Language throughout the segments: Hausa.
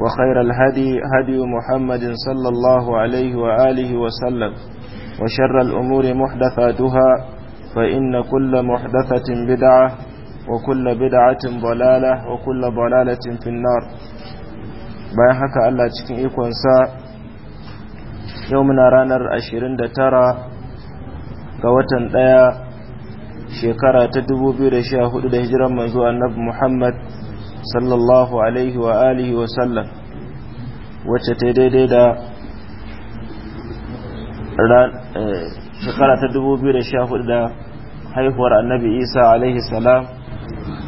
وخير الهدي هدي محمد صلى الله عليه وآله وسلم وشر الأمور محدثاتها فإن كل محدثة بدعة وكل بدعة ضلالة وكل ضلالة في النار bayan haka Allah cikin ikonsa yau muna ranar 29 ga watan ɗaya shekara ta 2014 da hijiran manzo annabi Muhammad sallallahu alaihi wa alihi wa sallam wacce ta daidai da eh, shekara ta 2014 da haihuwar annabi isa alaihi salam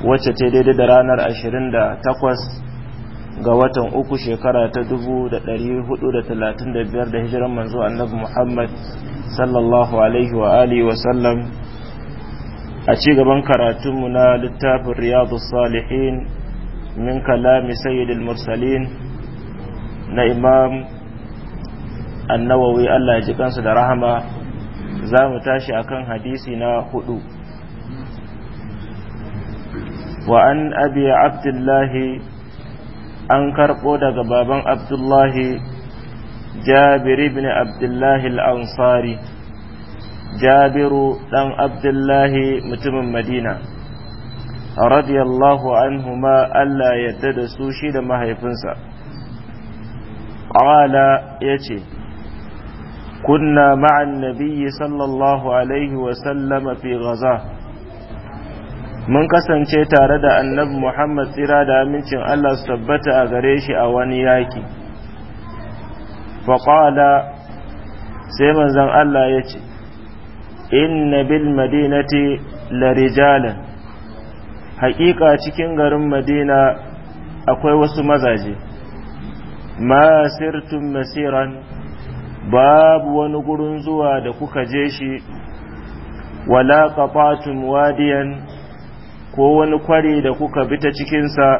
wacce ta daidai da ranar 28 ga watan uku shekara ta 435 da hijiran manzo annabi muhammad sallallahu alaihi wa alihi wa sallam a cigaban karatunmu na littafin riyadu salihin من كلام سيد Mursalin na imam annawawi Allah ya ji kansa da rahama za mu tashi kan hadisi na hudu wa an abi abdullahi an karɓo daga baban abdullahi jabir ibn abdullahi al-ansari jabiru ɗan abdullahi mutumin madina radiyallahu anhuma Allah yadda da su shi da mahaifinsa ya yace kunna ma'an nabiyyi sallallahu alaihi wa sallama fi gaza. mun kasance tare da annabi Muhammad tsira da amincin Allah su tabbata a gare shi a wani yaki. Faƙala sai manzan Allah ya ce, Inna bil madinati la rijalan haƙiƙa cikin garin madina akwai wasu mazaje ma sirtum masiran babu wani gurin zuwa da kuka je shi wala qatatun wadiyan ko wani kwari da kuka bi ta cikinsa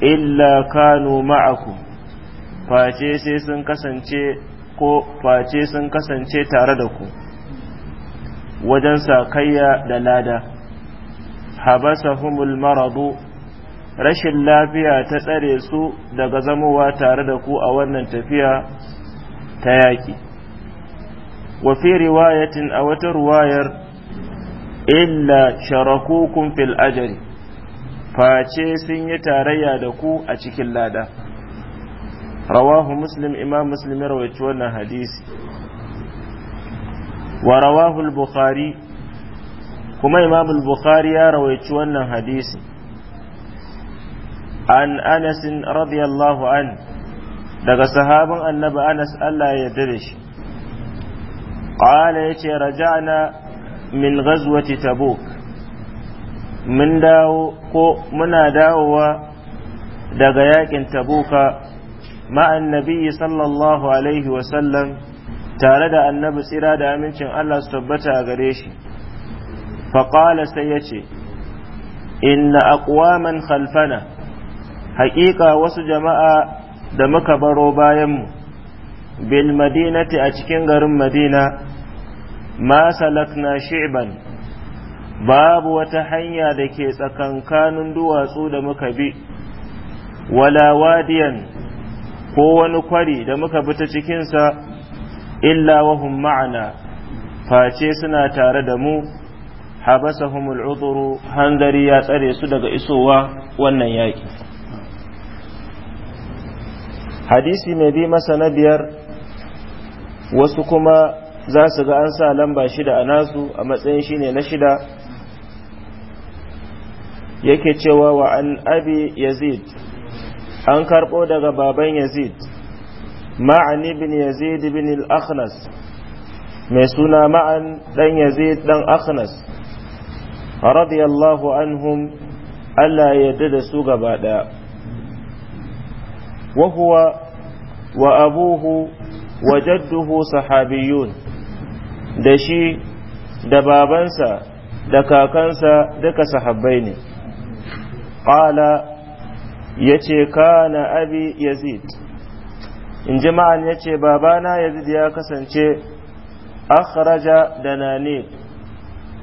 illa kanu ma'akum face sai sun kasance ko face sun kasance tare da ku wajen sakayya da lada habasahumul maradu rashin lafiya ta tsare su daga zamowa tare da ku a wannan tafiya ta yaki. wa fi riwayatin a wata ruwayar illa sharakukum fil ajri face sun yi tarayya da ku a cikin lada rawahu muslim imam muslim ya rawaci wannan hadisi wa rawahu bukhari kuma imam al-bukhari ya rawaici wannan hadisi an anas radiyallahu an daga sahaban annabi anas Allah ya yarda da shi qala yace raja'na min ghazwati tabuk mun dawo ko muna dawowa daga yakin tabuka ma'an nabiyyi sallallahu alaihi sallam, tare da annabi tsira da amincin Allah su tabbata a gare shi faƙala sai ya ce inna aqwaman khalfana haƙiƙa wasu jama'a da muka baro bayanmu bil madinati a cikin garin madina ma salakna shi'ban babu wata hanya da ke tsakankanin duwatsu da muka bi wala wadiyan ko wani kwari da muka bi ta cikinsa illa wahum ma'ana face suna tare da mu habasahumul uzuru hanzari ya tsare su daga isowa wannan yaki. hadisi mai bi masa na biyar wasu kuma za su ga an sa lamba shida a nasu a matsayin shine na shida yake cewa wa an abi yazid an karɓo daga baban yazid ma'ani bin yazid bin al-akhnas mai suna ma'an dan yazid dan akhnas radiyallahu anhum Allah ya yarda da su gaba ɗaya wa huwa wa abuhu wa jadduhu sahabiyun da shi da babansa da kakansa duka sahabbai ne qala yace kana abi yazid in ya yace babana yazid ya kasance akhraja dananid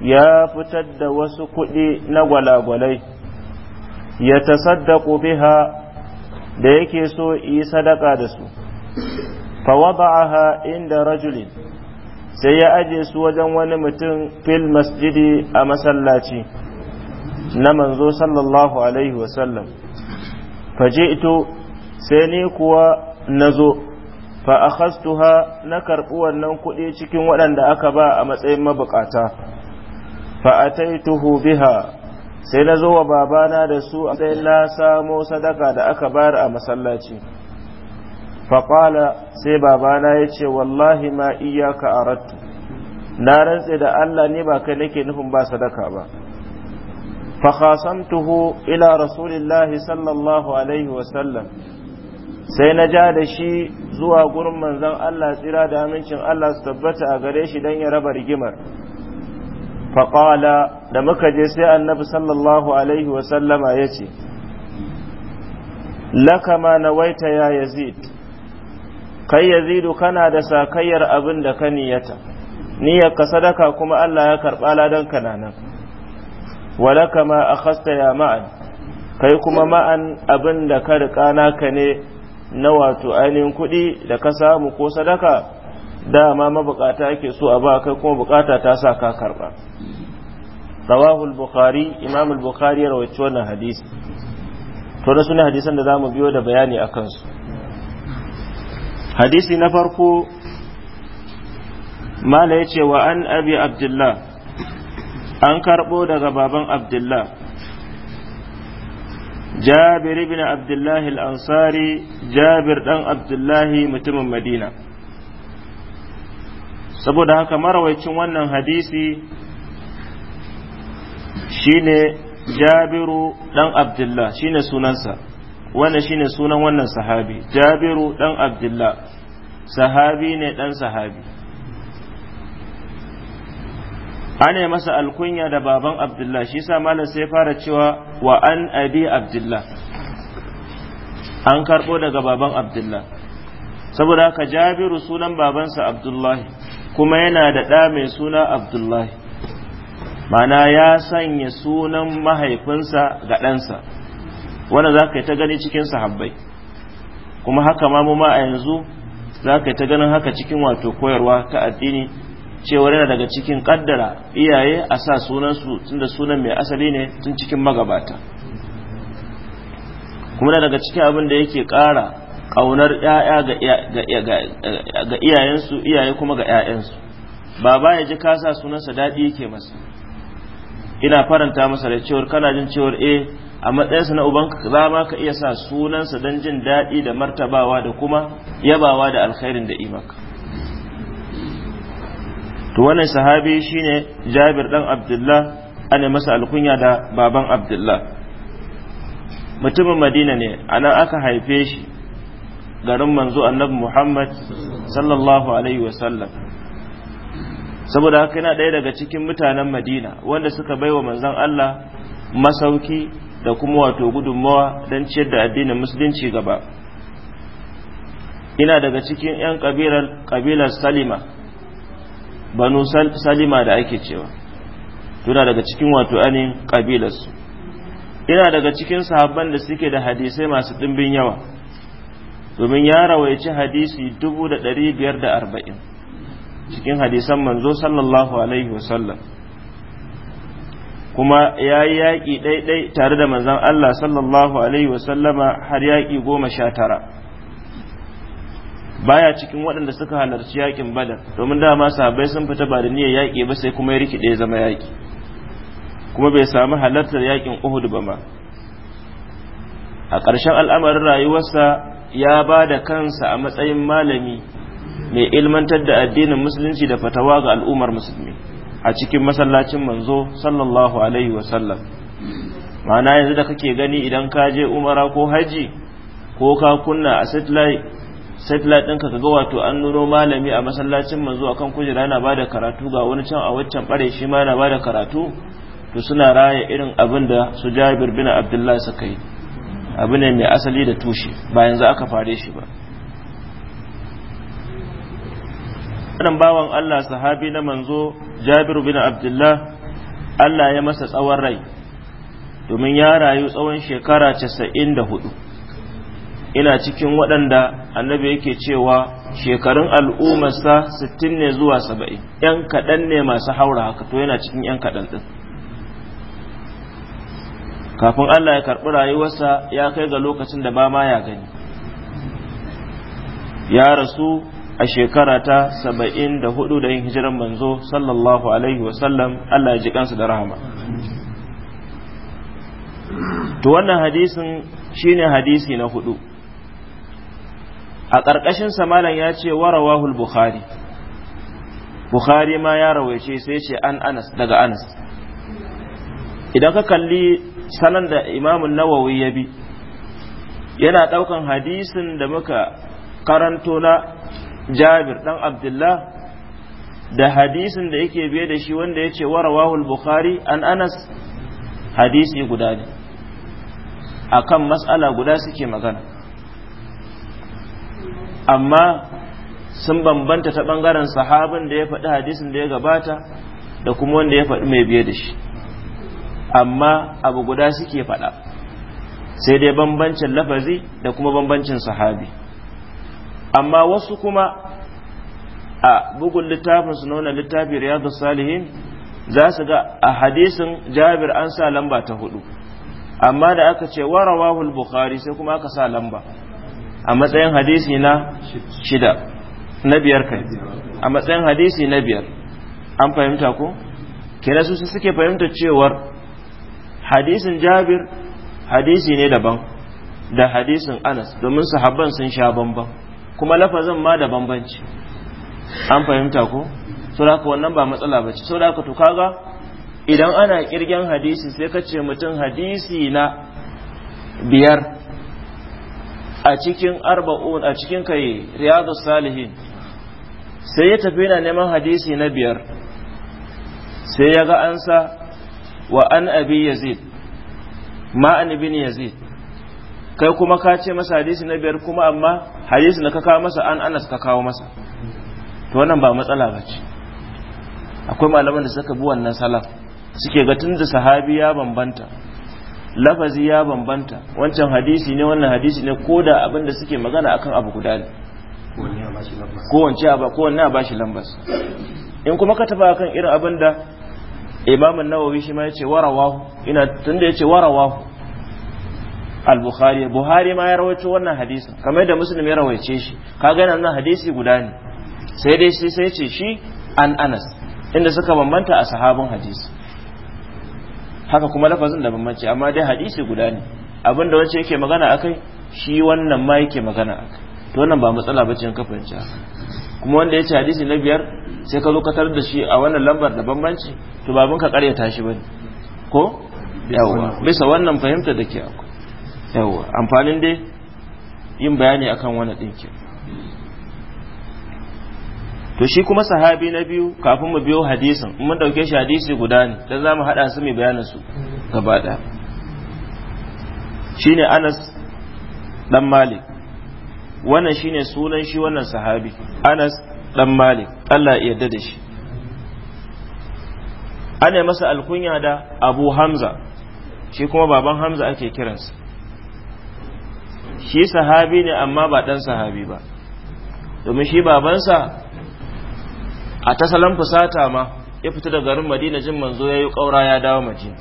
ya fitar da wasu kuɗi na gwalagwalai ya tasaddaku biha da yake so yi sadaka da su fawada'aha inda rajulin sai ya aje su wajen wani mutum fil masjidi a masallaci na manzo sallallahu alaihi wasallam ito sai ni kuwa nazo fa akhastuha na karɓi wannan kuɗi cikin waɗanda aka ba a matsayin mabukata tuhu biha sai na zo wa babana da su a sai na samo sadaka da aka bayar a masallaci faƙala sai babana ya ce wallahi ma iyaka arattu na rantse da Allah ne ba kai nake nufin ba sadaka ba tuhu ila rasulillahi sallallahu alaihi sallam? sai na ja da shi zuwa gurin manzon Allah tsira da amincin Allah su tabbata a gare shi don ya raba rigimar faƙala da muka je sai annabi sallallahu alaihi wasallama ya ce laka ma nawaita ya yazid kai yazidu kana da sakayyar abin da ka niyata niyar ka sadaka kuma Allah ya karɓa ladan nan walaka ma akhasta ya ma'an kai kuma ma'an abin da ka riƙa naka ne na wato ainihin kuɗi da ka samu ko sadaka dama mabukata ake so a ba kai kuma bukata ta sa ka karɓa Rawahul bukhari imam al-bukhari ya rawaito wannan hadisi to da sunan hadisan da zamu biyo da bayani a kansu. hadisi na farko mala yace wa an abi abdullah an karɓo daga baban abdullah جابر بن عبد الله الأنصاري جابر دان عبد الله متم مدينة saboda haka marawaicin wannan hadisi shine jabiru dan abdullah shine sunansa wannan shine sunan wannan sahabi jabiru dan abdullah sahabi ne dan sahabi ana masa alkunya da baban abdullah shi sa malam sai fara cewa wa an abi abdullah an karbo daga baban abdullah saboda haka jabiru sunan babansa abdullahi kuma yana da ɗa mai suna abdullahi mana ya sanya sunan mahaifinsa ga ɗansa wanda za ka yi ta gani cikin sahabbai kuma haka ma mu ma a yanzu za ka yi ta ganin haka cikin wato koyarwa ta addini cewa yana daga cikin kaddara iyaye a sa sunansu tunda sunan mai asali ne tun cikin magabata kuma daga cikin abin da yake ƙara ƙaunar ‘ya'ya ga iyayensu iyaye kuma ga ‘ya'yansu ba ba ya ji kasa sunansa daɗi yake masa ina faranta masa da cewar kana jin cewar eh a matsayinsa na uban za ma ka iya sa sunansa don jin daɗi da martabawa da kuma yabawa da alkhairin da imaka to wannan sahabi shine jabir ɗan abdullah ana masa alkunya da baban abdullah mutumin madina ne anan aka haife shi garin manzo annabi muhammad sallallahu alaihi wasallam saboda haka yana ɗaya daga cikin mutanen madina wanda suka baiwa wa manzon allah masauki da kuma wato gudunmawa don ciyar da addinin musulunci gaba ina daga cikin 'yan kabilar salima banu salima da ake cewa tuna daga cikin wato anin kabilarsu ina daga cikin sahabban da suke da hadisai masu ɗimbin yawa domin ya rawaici hadisi arba'in. cikin hadisan manzo sallallahu alaihi wasallam kuma ya yi yaƙi ɗaiɗai tare da manzan Allah sallallahu alaihi wasallama har yaƙi goma sha tara baya cikin waɗanda suka halarci yaƙin badar domin dama sahabbai sun fita ba da niyyar yaƙi ba sai kuma ya rikide zama yaƙi kuma bai samu halartar yaƙin uhud ba ma a ƙarshen al'amarin rayuwarsa ya ba da kansa a matsayin malami mai ilmantar da addinin musulunci da fatawa ga al'ummar musulmi a cikin masallacin manzo sallallahu alaihi wasallam ma'ana yanzu da kake gani idan ka je umara ko haji ko ka kunna a satellite satellite ɗinka ka ga wato an nuno malami a masallacin manzo akan kujera yana bada karatu ga wani can a waccan bare shi ma na bada karatu to suna raya irin abin da su jabir bin abdullahi suka yi abu ne mai asali da tushe ba yanzu aka fare shi ba wannan bawan Allah sahabi na manzo Jabiru bin Abdullah Allah ya masa tsawon rai domin ya rayu tsawon shekara casa'in da hudu ina cikin waɗanda annabi yake cewa shekarun al'ummarsa sittin ne zuwa saba'in ‘yan kaɗan ne masu haura haka to yana cikin ‘yan kaɗan ɗin kafin Allah ya karɓi rayuwarsa ya kai ga lokacin da ba ma ya gani ya rasu a shekara ta saba'in da hudu da yin hijiran manzo sallallahu alaihi wasallam Allah ya ji kansu da rahama to wannan hadisin shine hadisi na hudu a ƙarƙashin samalan ya ce warawahul bukhari bukhari ma ya rawaice sai ce an anas daga anas idan ka kalli salon da imamun nawawi ya bi yana ɗaukan hadisin da muka karanto na jabir dan abdullah da hadisin da yake biye da shi wanda ya ce warawahul bukhari an anas hadisi guda ne akan mas'ala guda suke magana amma sun bambanta ta bangaren sahabin da ya faɗi hadisin da ya gabata da kuma wanda ya faɗi mai biye da shi amma abu guda suke faɗa sai dai bambancin lafazi da kuma bambancin sahabi amma wasu kuma a bugun littafin su nuna littafi riyadu salihin za su ga a hadisin jabir an sa lamba ta hudu amma da aka ce warawahul bukhari sai kuma aka sa lamba a matsayin hadisi na shida na biyar kai a matsayin hadisi na biyar an fahimta ko kira su suke fahimta cewar hadisin jabir hadisi ne daban da hadisin anas domin sahabban sun sha bamban kuma lafazin ma da bambanci an fahimta ko saboda wannan ba matsala ba ce saboda to kaga idan ana kirgen hadisi sai ka ce mutum hadisi na biyar a cikin arba'un a cikin kai riyadu salihin sai ya tafi yana neman hadisi na biyar sai ya ga ansa wa an abi yazid ma an ibn yazid kai kuma ka ce masa hadisi na biyar kuma amma hadisi na ka kawo masa an anas ka kawo masa to wannan ba matsala ba ce akwai malaman da suka bi wannan salaf suke ga tun da sahabi ya bambanta lafazi ya bambanta wancan hadisi ne wannan hadisi ne ko da abin da suke magana akan abu guda ne kowanne a bashi lambas in kuma ka taba akan irin abin da imamun nawawi shi ma ya ce warawahu ina tun da ya ce warawahu al-bukhari buhari ma ya rawaito wannan hadisin kamar da muslim ya rawaice shi kaga nan nan hadisi guda ne sai dai sai sai ce shi an anas inda suka bambanta a sahabin hadisi haka kuma lafazin da bambanci amma dai hadisi guda ne abinda wacce yake magana akai shi wannan ma yake magana akai to wannan ba matsala bace in ka fahimci kuma wanda ya ce hadisi na biyar sai ka zo ka da shi a wannan lambar da bambanci to babin ka karyata shi bane ko yawa bisa wannan fahimta da ke akwai yawa amfanin dai yin bayani akan wani ɗinkin to shi kuma sahabi na biyu kafin mu biyo hadisin mun dauke shi hadisi guda ne dan zamu hada su mai bayanin su gaba daya shine Anas dan Malik wannan shine sunan shi wannan sahabi Anas dan Malik Allah ya yarda da shi ana masa alkunya da Abu Hamza shi kuma baban Hamza ake kiransa shi sahabi ne amma ba ɗan sahabi ba domin shi babansa a ta salon fusata ma ya fita da garin madina jin manzo ya yi ƙaura ya dawo madina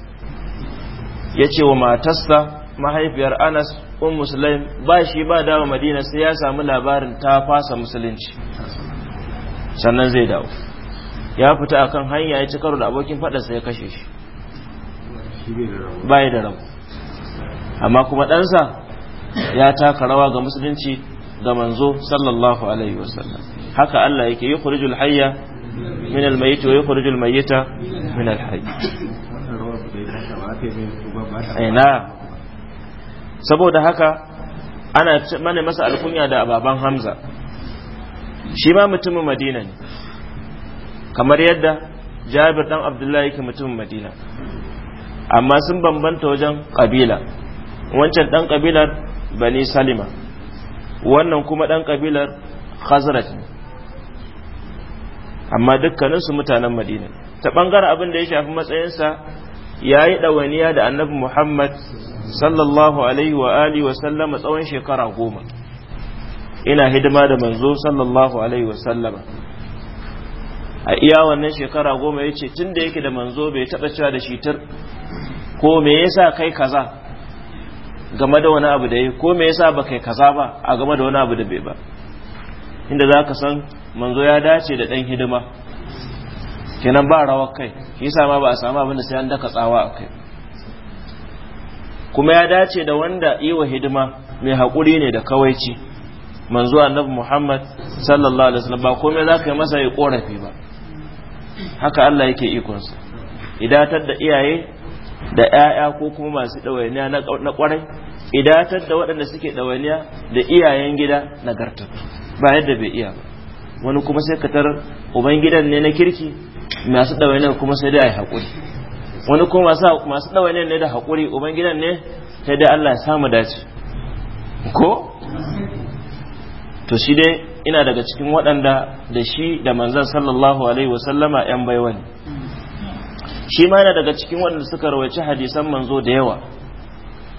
ya ce wa matarsa mahaifiyar anas un musulai ba shi ba dawo madina sai ya samu labarin ta fasa musulunci sannan zai dawo ya fita akan hanya ya ci karo da abokin faɗarsa ya kashe shi bai da rabu amma kuma ɗansa ya taka rawa ga musulunci ga manzo sallallahu alaihi wasallam haka Allah yake yukhrijul hayya min almayit wa yukhrijul mayyita min alhayy ina eh, saboda haka ana mana masa alkunya da ababan Hamza shi ma mutumin Madina ne kamar yadda Jabir dan Abdullahi yake mutumin Madina amma sun bambanta wajen kabila wancan dan kabilar bani salima wannan kuma ɗan kabilar khazraj ne amma dukkaninsu mutanen madina ta ɓangaren abin da ya shafi matsayinsa ya yi dawaniya da annabi muhammad sallallahu alaihi wa alihi wa sallama tsawon shekara goma ina hidima da manzo sallallahu alaihi wa sallama a iya wannan shekara goma ya ce tun da yake da manzo bai taɓa cewa da shi tur ko me yasa kai kaza game da wani abu da yi ko me yasa ba kai kaza ba a game da wani abu da bai ba inda za ka san manzo ya dace da ɗan hidima kenan ba rawar kai yasa ma ba a samu abin da sai an daka tsawa a kai kuma ya dace da wanda yi wa hidima mai haƙuri ne da kawaici manzo annabi muhammad sallallahu alaihi wasallam ba komai za ka yi masa ya ƙorafi ba haka allah yake ikonsa idatar da iyaye da ‘ya'ya ko kuma masu ɗawainiya na ƙwarai idatar da waɗanda suke ɗawainiya da iyayen gida na gartar ba yadda bai iya ba wani kuma sai ka tar uban gidan ne na kirki masu ɗawainiya kuma sai dai a yi haƙuri wani kuma masu ɗawainiya ne da haƙuri uban gidan ne sai dai Allah ya samu dace ko to shi dai ina daga cikin waɗanda da shi da manzon sallallahu alaihi wasallama ‘yan baiwa ne shi ma yana daga cikin waɗanda suka rawaici hadisan manzo da yawa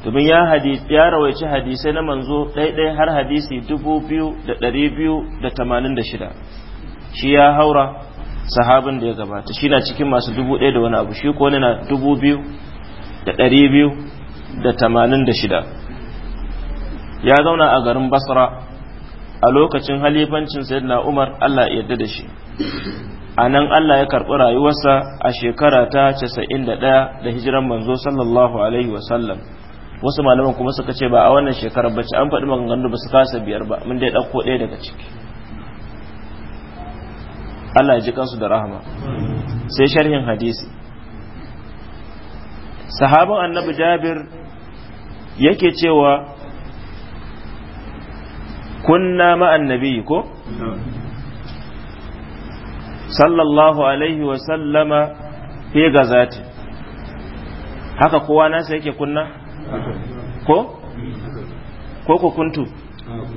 domin ya rawaici hadisai na manzo ɗaiɗai har hadisi dubu biyu da ɗari biyu da tamanin da shida shi ya haura sahabin da ya gabata shi na cikin masu dubu ɗaya da wani abu shi ko na dubu biyu da ɗari biyu da tamanin da shida ya zauna a garin basra a lokacin halifancin sayyidina umar allah ya yarda da shi a nan Allah ya karɓi rayuwarsa a shekara ta casa'in da ɗaya da hijiran manzo sallallahu alaihi wasallam wasu malaman kuma suka ce ba a wannan shekarar bace an faɗi maganganu ba su kasa biyar ba mun dai ɗauko ɗaya daga ciki Allah ya ji kansu da rahama sai sharhin hadisi sahabin annabi jabir yake cewa kunna ma annabi ko sallallahu alaihi wa sallama fi gazati haka kowa nasa yake kunna ko ko ku kuntu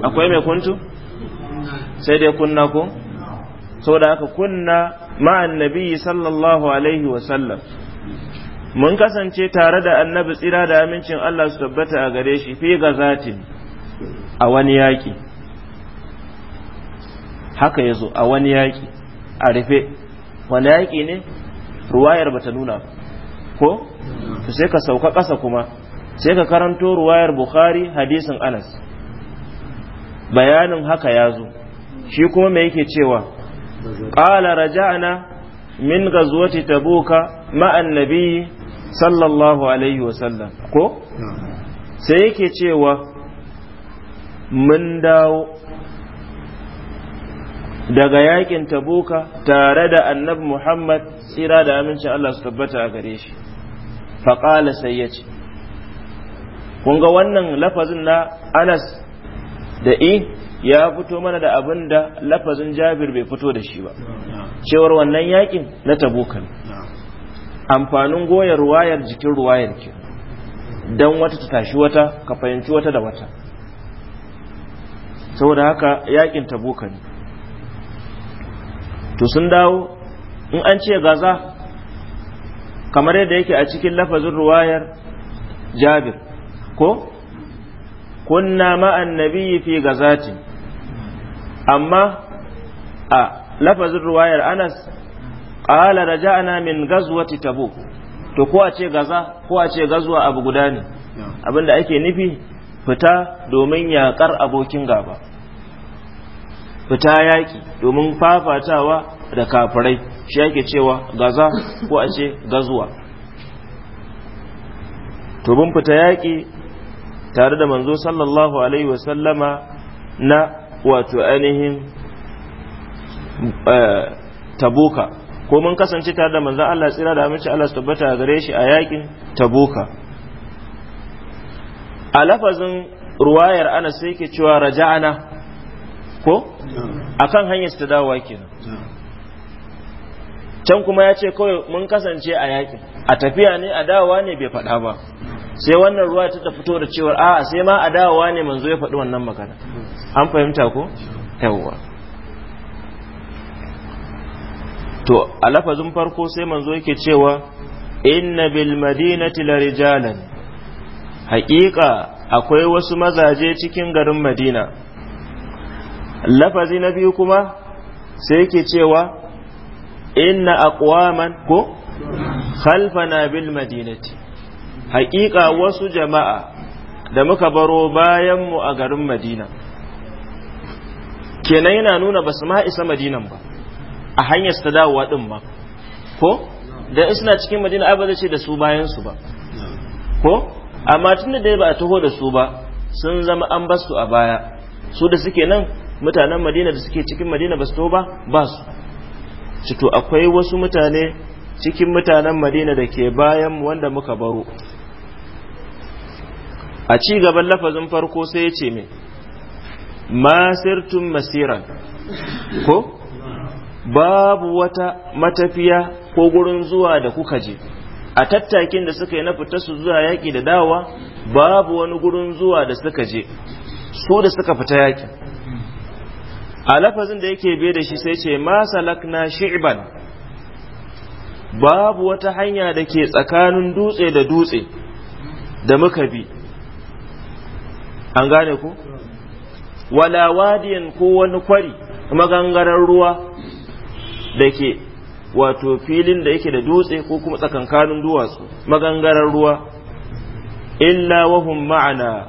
akwai mai kuntu sai dai kunna ko saboda haka kunna ma'an nabiyyi sallallahu alaihi wa sallam mun kasance tare da annabi tsira da amincin Allah su tabbata a gare shi fi gazati a wani yaƙi haka ya zo a wani yaƙi a rufe wanda yaƙi ne ruwayar bata nuna ko sai ka sauka ƙasa kuma sai ka karanto ruwayar bukhari hadisin anas bayanin haka ya zo shi kuma mai yake cewa ƙala raja'na min gazuwati tabuka ma'an nabiyyi sallallahu alaihi wasallam ko sai yake cewa mun dawo daga yakin tabuka tare da annabi muhammad tsira da amincin allah su tabbata a gare shi faƙala sai ya ce kun ga wannan lafazin na anas da i e? ya fito mana da abin da lafazin jabir bai fito da shi ba cewar wannan yakin na tabuka amfanin goyar ruwayar jikin ruwayar ke don wata ta tashi wata ka fahimci wata da wata saboda haka yakin tabuka ne to sun dawo in an ce gaza kamar yadda yake a cikin lafazin ruwayar jabir ko kunna ma'an nabiyyi fi gazatin amma a lafazin ruwayar anas qala raja'na min gazwati tabuk to ko a ce gaza ko a ce gazuwa abu guda ne abinda ake nufi fita domin yaƙar abokin gaba fita yaƙi domin fafatawa da kafirai shi yake cewa gaza ko a ce gazuwa to mun fita yaƙi tare da manzo sallallahu alaihi wasallama na wato ainihin eh, tabuka ko mun kasance tare da manzo Allah tsira da aminci Allah su tabbata gare shi a yaƙin tabuka a lafazin ruwayar ana sai ke cewa raja'ana ko akan hanyar su ta dawowa kenan can kuma ya ce kawai mun kasance a yakin a tafiya ne a dawowa ne bai faɗa ba sai wannan ruwa ta fito da cewar a sai ma a dawowa ne manzo ya faɗi wannan magana an fahimta ko yawwa to a lafazin farko sai manzo yake cewa inna bil madinati la rijalan haƙiƙa akwai wasu mazaje cikin garin madina lafazi na biyu kuma sai yake cewa inna aqwaman ko khalfana bil madinati haƙiƙa wasu jama'a da muka baro bayanmu a garin madina kenan yana nuna ba su ma isa madinan ba a hanyar ta dawowa ɗin ba ko da suna cikin madina ai ba zai ce da su bayansu ba ko amma tun da dai ba a taho da su ba sun zama an basu a baya su da suke nan mutanen madina da suke cikin madina ba su to ba ba su ci akwai wasu mutane cikin mutanen madina da ke bayan wanda muka baro a ci gaban lafazin farko sai ya ce mai masirtun masiran ko babu wata matafiya ko gurin zuwa da kuka je a tattakin da suka yi na fita su zuwa yaƙi da dawa babu wani gurin zuwa da suka je su da suka fita yaƙi a lafazin da yake biye da shi sai ce ma salakna shi'ban babu wata hanya da ke tsakanin dutse da dutse da muka bi an gane ku wala wadiyan ko wani kwari maganganar ruwa da ke wato filin da yake da dutse ko kuma tsakankanin duwatsu magangarar ruwa illa wahum ma'ana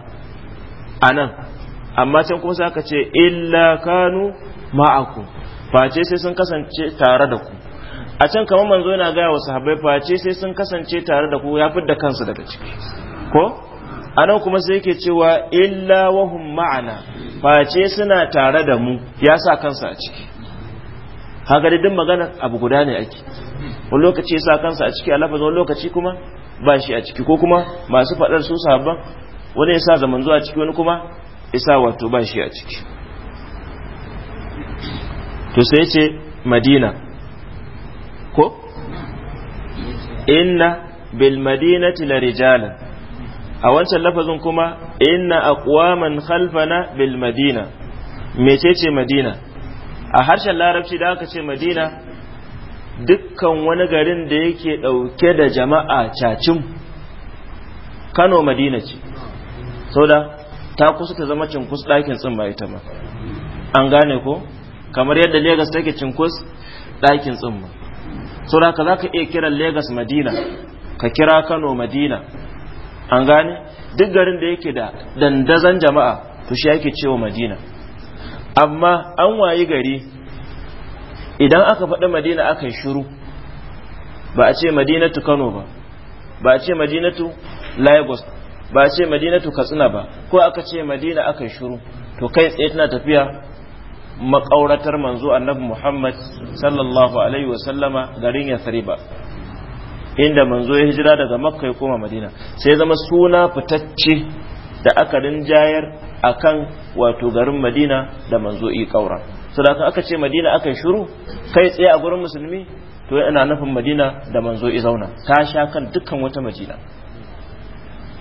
anan amma can kuma sai aka ce illa kanu ma'aku face sai sun kasance tare da ku a can kamar manzo yana gaya wa sahabbai face sai sun kasance tare da ku ya fidda kansu daga ciki ko anan kuma sai yake cewa illa wahum ma'ana face suna tare da mu ya sa kansa a ciki kaga da duk magana abu guda ne ake wani lokaci ya sa kansa a ciki a lafazin wani lokaci kuma ba shi a ciki ko kuma masu faɗar su sahabban wani ya sa zaman zuwa ciki wani kuma isa wato ba shi a ciki to sai ce madina ko inna bil madinati la rijala a wancan lafazin kuma inna aqwaman khalfana bil madina mecece madina a harshen larabci da aka ce madina dukkan wani garin da yake dauke da jama'a cacin kano madina ce sau da ta kusa ta zama cinkus ɗakin tsumma ita ma an gane ko kamar yadda Legas take cinkus ɗakin tsumma saboda za ka iya kiran Legas Madina ka kira Kano Madina an gane duk garin da yake da dandazan jama'a to shi yake cewa Madina amma an wayi gari idan aka faɗi Madina aka yi shiru ba a ce Madinatu Kano ba ba a ce Madinatu Lagos ba a ce Madinatu Katsina ba ko aka ce madina aka yi shuru to kai tsaye tana tafiya makauratar manzo annabi muhammad sallallahu alaihi wasallama garin yathriba inda manzo ya hijira daga makka ya koma madina sai zama suna fitacce da aka rinjayar akan wato garin madina da manzo yi kaura sadaka aka ce madina aka yi shuru kai tsaye a gurin musulmi to yana nufin madina da manzo i zauna ta sha kan dukkan wata madina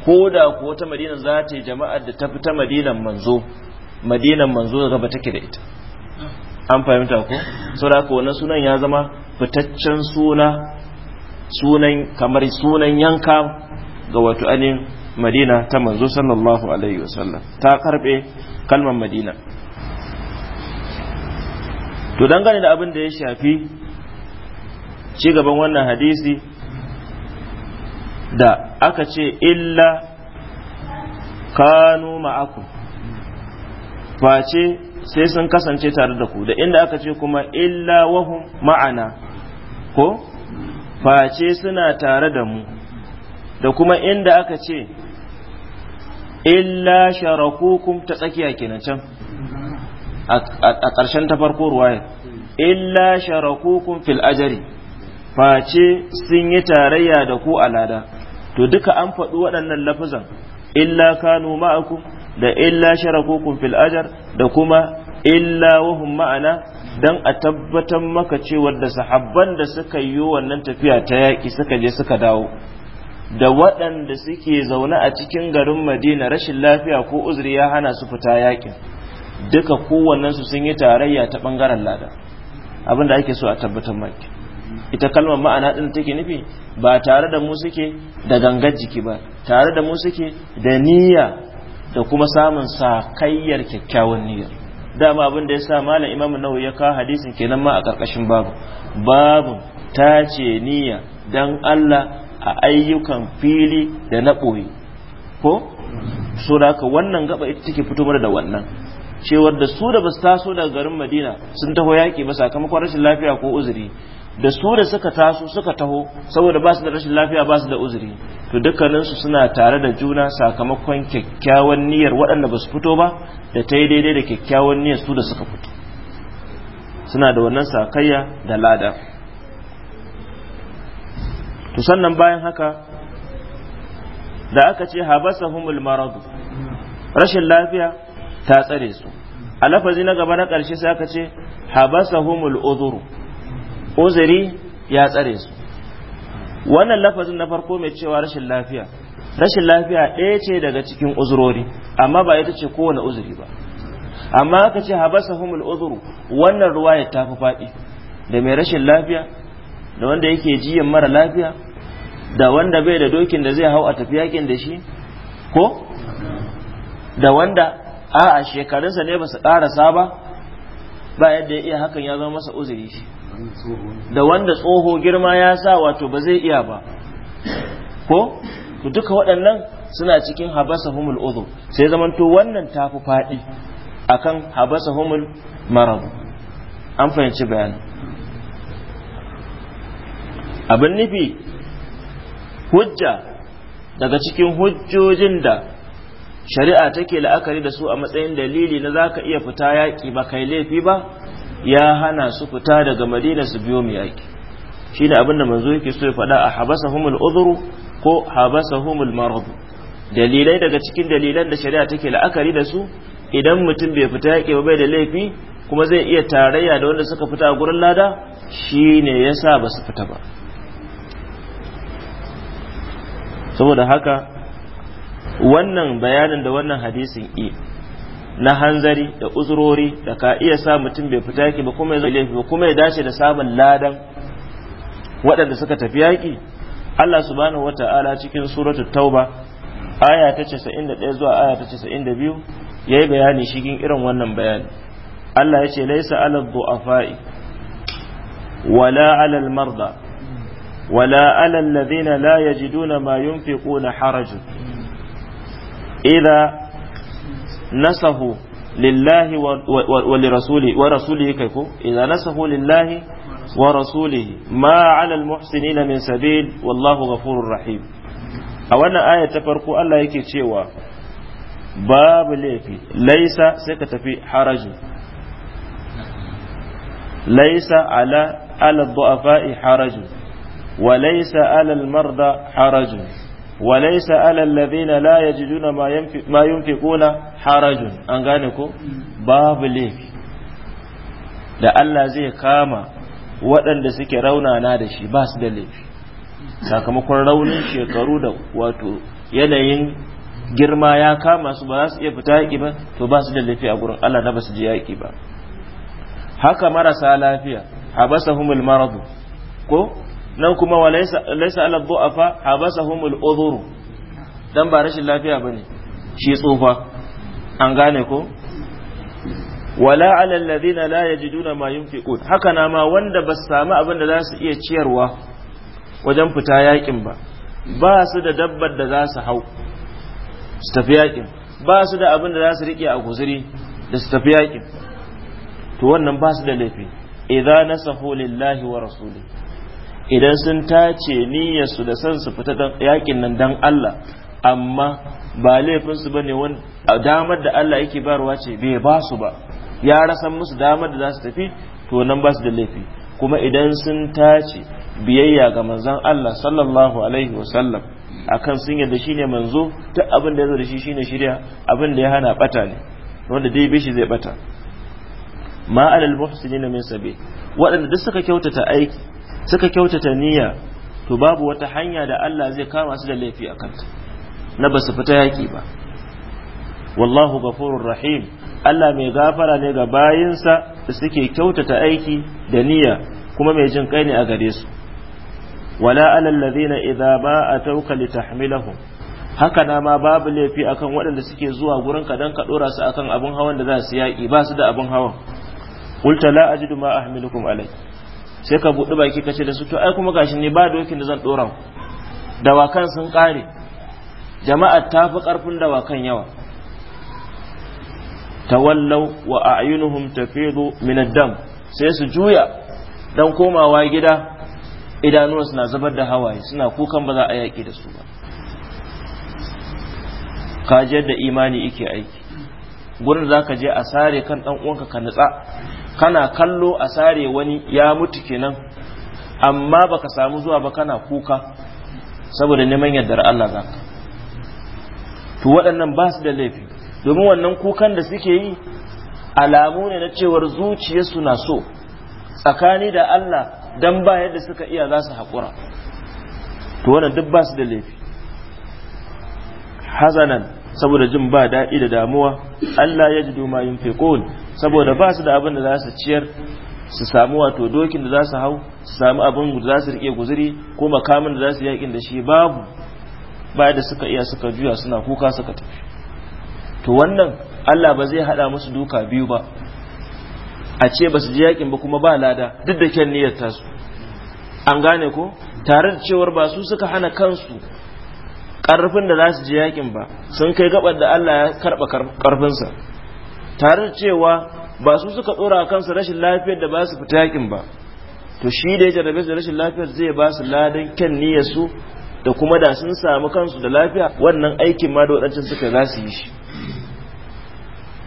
ko da ko ta madinan za ta yi jama'ar da ta fi ta madinan manzo madinan manzo da ba take da ita an fahimta ko saboda ko wannan sunan ya zama fitaccen suna sunan kamar sunan yanka ga wato anin madina ta manzo sallallahu alaihi wasallam ta karbe kalmar madina to dangane da abin da ya shafi ci gaban wannan hadisi da aka ce illa kanu ma'akum face sai sun kasance tare da ku da inda aka ce kuma illa wahum ma'ana ko face suna tare da mu da kuma inda aka ce illa sharakukum ta tsakiya kenan can a ƙarshen ta farko ruwaya illa sharakukum fil ajari face sun yi tarayya da ku a lada to duka an faɗi waɗannan lafazan illa kanu ma'akum da illa sharakukum fil ajar da kuma illa wahum ma'ana dan a tabbatar maka cewa da sahabban da suka yi wannan tafiya ta yaƙi suka je suka dawo da waɗanda suke zaune a cikin garin madina rashin lafiya ko uzuri ya hana su fita yaƙin duka kowannensu sun yi tarayya ta ɓangaren lada abin da ake so a tabbatar maka ita kalmar ma'ana din take nufi ba tare da mu suke da gangar jiki ba tare da mu suke da niyya da kuma samun sakayyar kyakkyawan niyya dama abin da ya sa malam imamu nawawi ya kawo hadisin kenan ma a karkashin babu babu ta ce niyya dan Allah a ayyukan fili da na ɓoye ko so da haka wannan gaba ita take fito mana da wannan cewar da su da basu taso daga garin madina sun taho yaƙi ba sakamakon rashin lafiya ko uzuri da su da suka taso suka taho saboda ba su da rashin lafiya ba su da uzuri to dukkaninsu suna tare da juna sakamakon kyakkyawan niyyar waɗanda ba su fito ba da ta yi daidai da kyakkyawan niyyar su da suka fito suna da wannan sakayya da lada to sannan bayan haka da aka ce habasa humul maradu rashin lafiya ta tsare su a lafazi na gaba na ƙarshe sai aka ce habasa humul uzuru uzuri ya tsare su wannan lafazin na farko mai cewa rashin lafiya rashin lafiya ɗaya ce daga cikin uzurori amma ba ita ce kowane uzuri ba amma aka ce habasa humul uzuru wannan ruwa ya tafi faɗi da mai rashin lafiya da wanda yake jiyan mara lafiya da wanda bai da dokin da zai hau a tafi yakin da shi ko da wanda a'a a shekarunsa ne ba su ƙarasa ba ba yadda ya iya hakan ya zama masa uzuri shi da wanda tsoho girma ya sa wato ba zai iya ba ko to duka waɗannan suna cikin habasa humul udhu sai zamanto wannan tafi faɗi akan habasa humul marabu an fahimci bayan. abin nufi hujja daga cikin hujjojin da shari'a take la'akari da su a matsayin dalili na za ka iya fita yaƙi ba kai laifi ba ya hana su fita daga madina su biyo mu yaki shine abin da manzo yake so ya faɗa a humul udhru ko habasa humul marad dalilai daga cikin dalilan da shari'a take la'akari da su idan mutum bai fita yake ba bai da laifi kuma zai iya tarayya da wanda suka fita a gurin lada shi ya yasa ba su fita ba saboda haka wannan bayanin da wannan hadisin iya eh, na hanzari da uzurori da ka iya sa mutum bai fita yaki ba kuma ya laifi ba kuma ya dace da samun ladan waɗanda suka tafi yaki Allah subhanahu wata'ala cikin suratul tauba aya ta 91 zuwa aya ta 92 yayi bayani shigin irin wannan bayani Allah ya ce laisa ala du'afa'i wala alal marda wala alal ladhina la yajiduna ma yunfiquna harajun idza nasahu lillahi wa li rasulihi wa nasahu lillahi wa rasulihi ma 'ala al-muhsinina min sabil wallahu ghafurur rahim a wannan aya ta farko Allah yake cewa babu laifi laisa sai ka tafi haraji laisa ala ala du'afa'i haraji wa laisa ala al-marda وليس على الذين لا يجدون ما, ينفق ما ينفقون حرج an gane ko babu laifi da Allah zai kama waɗanda suke raunana da shi ba su da laifi sakamakon raunin shekaru da wato yanayin girma ya kama su ba za su iya fita yaƙi ba to ba su da laifi a gurin Allah na ba su je yaƙi ba haka marasa lafiya humul maradu ko nan kuma wa laisa ala dhu'afa habasahumul udhur dan ba rashin lafiya bane shi tsufa an gane ko wala ala alladhina la yajiduna ma yunfiqun haka na ma wanda ba su samu abin da za su iya ciyarwa wajen fita yakin ba ba su da dabbar da za su hau su tafi yakin ba su da abin da za su rike a guzuri da su tafi yakin to wannan ba su da laifi idza nasahu lillahi wa rasuli. idan sun tace su da san su fita yakin nan dan Allah amma ba laifinsu ba ne damar da Allah yake barwa ce bai ba su ba ya rasa musu damar da za su tafi to nan ba su da laifi kuma idan sun tace biyayya ga manzon Allah sallallahu alaihi wasallam akan sun yarda shine manzo duk abin da ya zo da shi shine shirya abin da ya hana bata ne wanda dai bishi zai bata ma alal muhsinina min sabi waɗanda duk suka kyautata aiki suka kyautata niyya to babu wata hanya da Allah zai kama su da laifi a kanta na ba su fita yaki ba wallahu gafurur rahim Allah mai gafara ne ga bayinsa da suke kyautata aiki da niyya kuma mai jin kai ne a gare su wala alal ladina idza ba tawka litahmilahum haka na ma babu laifi akan waɗanda suke zuwa gurin ka dan ka dora su akan abun hawan da za su yaki ba su da abun hawan qulta la ajidu ma ahmilukum alayhi sai ka buɗe baki ka ce da su to ai kuma gashi ne ba dokin da zan ɗora dawakan sun ƙare jama'a ta fi ƙarfin dawakan yawa tawallau wa a'yunuhum tafidu min ad-dam sai su juya dan komawa gida idanuwa suna zubar da hawaye suna kukan ba za a yaki da su ba kajiyar da imani yake aiki gurin za ka je a sare kan ɗan uwanka ka nutsa kana kallo a sare wani ya mutu kenan amma baka samu zuwa ba kana kuka saboda neman yardar Allah za ka to waɗannan ba su da laifi domin wannan kukan da suke yi alamu ne na cewar zuciyarsu na so tsakani da Allah dan ba yadda suka iya za su haƙura to wannan duk ba su da laifi hazanan saboda jin ba daɗi da damuwa Allah ya ji ma yin saboda ba su da abin da za su ciyar su samu wato dokin da za su hau su samu abin da za su rike guzuri ko makamin da za su yaƙin da shi babu ba da suka iya suka juya suna kuka suka tafi to wannan Allah ba zai haɗa musu duka biyu ba a ce ba su ji yaƙin ba kuma ba lada duk da kyan niyyar tasu an gane ko tare da cewar ba su suka hana kansu ƙarfin da za su ji yaƙin ba sun kai gaɓar da Allah ya karba karfinsa tare cewa ba su suka tsora kansu rashin lafiyar da ba su fita yakin ba to shi da ya jarabe su da rashin lafiyar zai ba su ladan kyan niyyar su da kuma da sun samu kansu da lafiya wannan aikin ma da waɗancan suka za su yi shi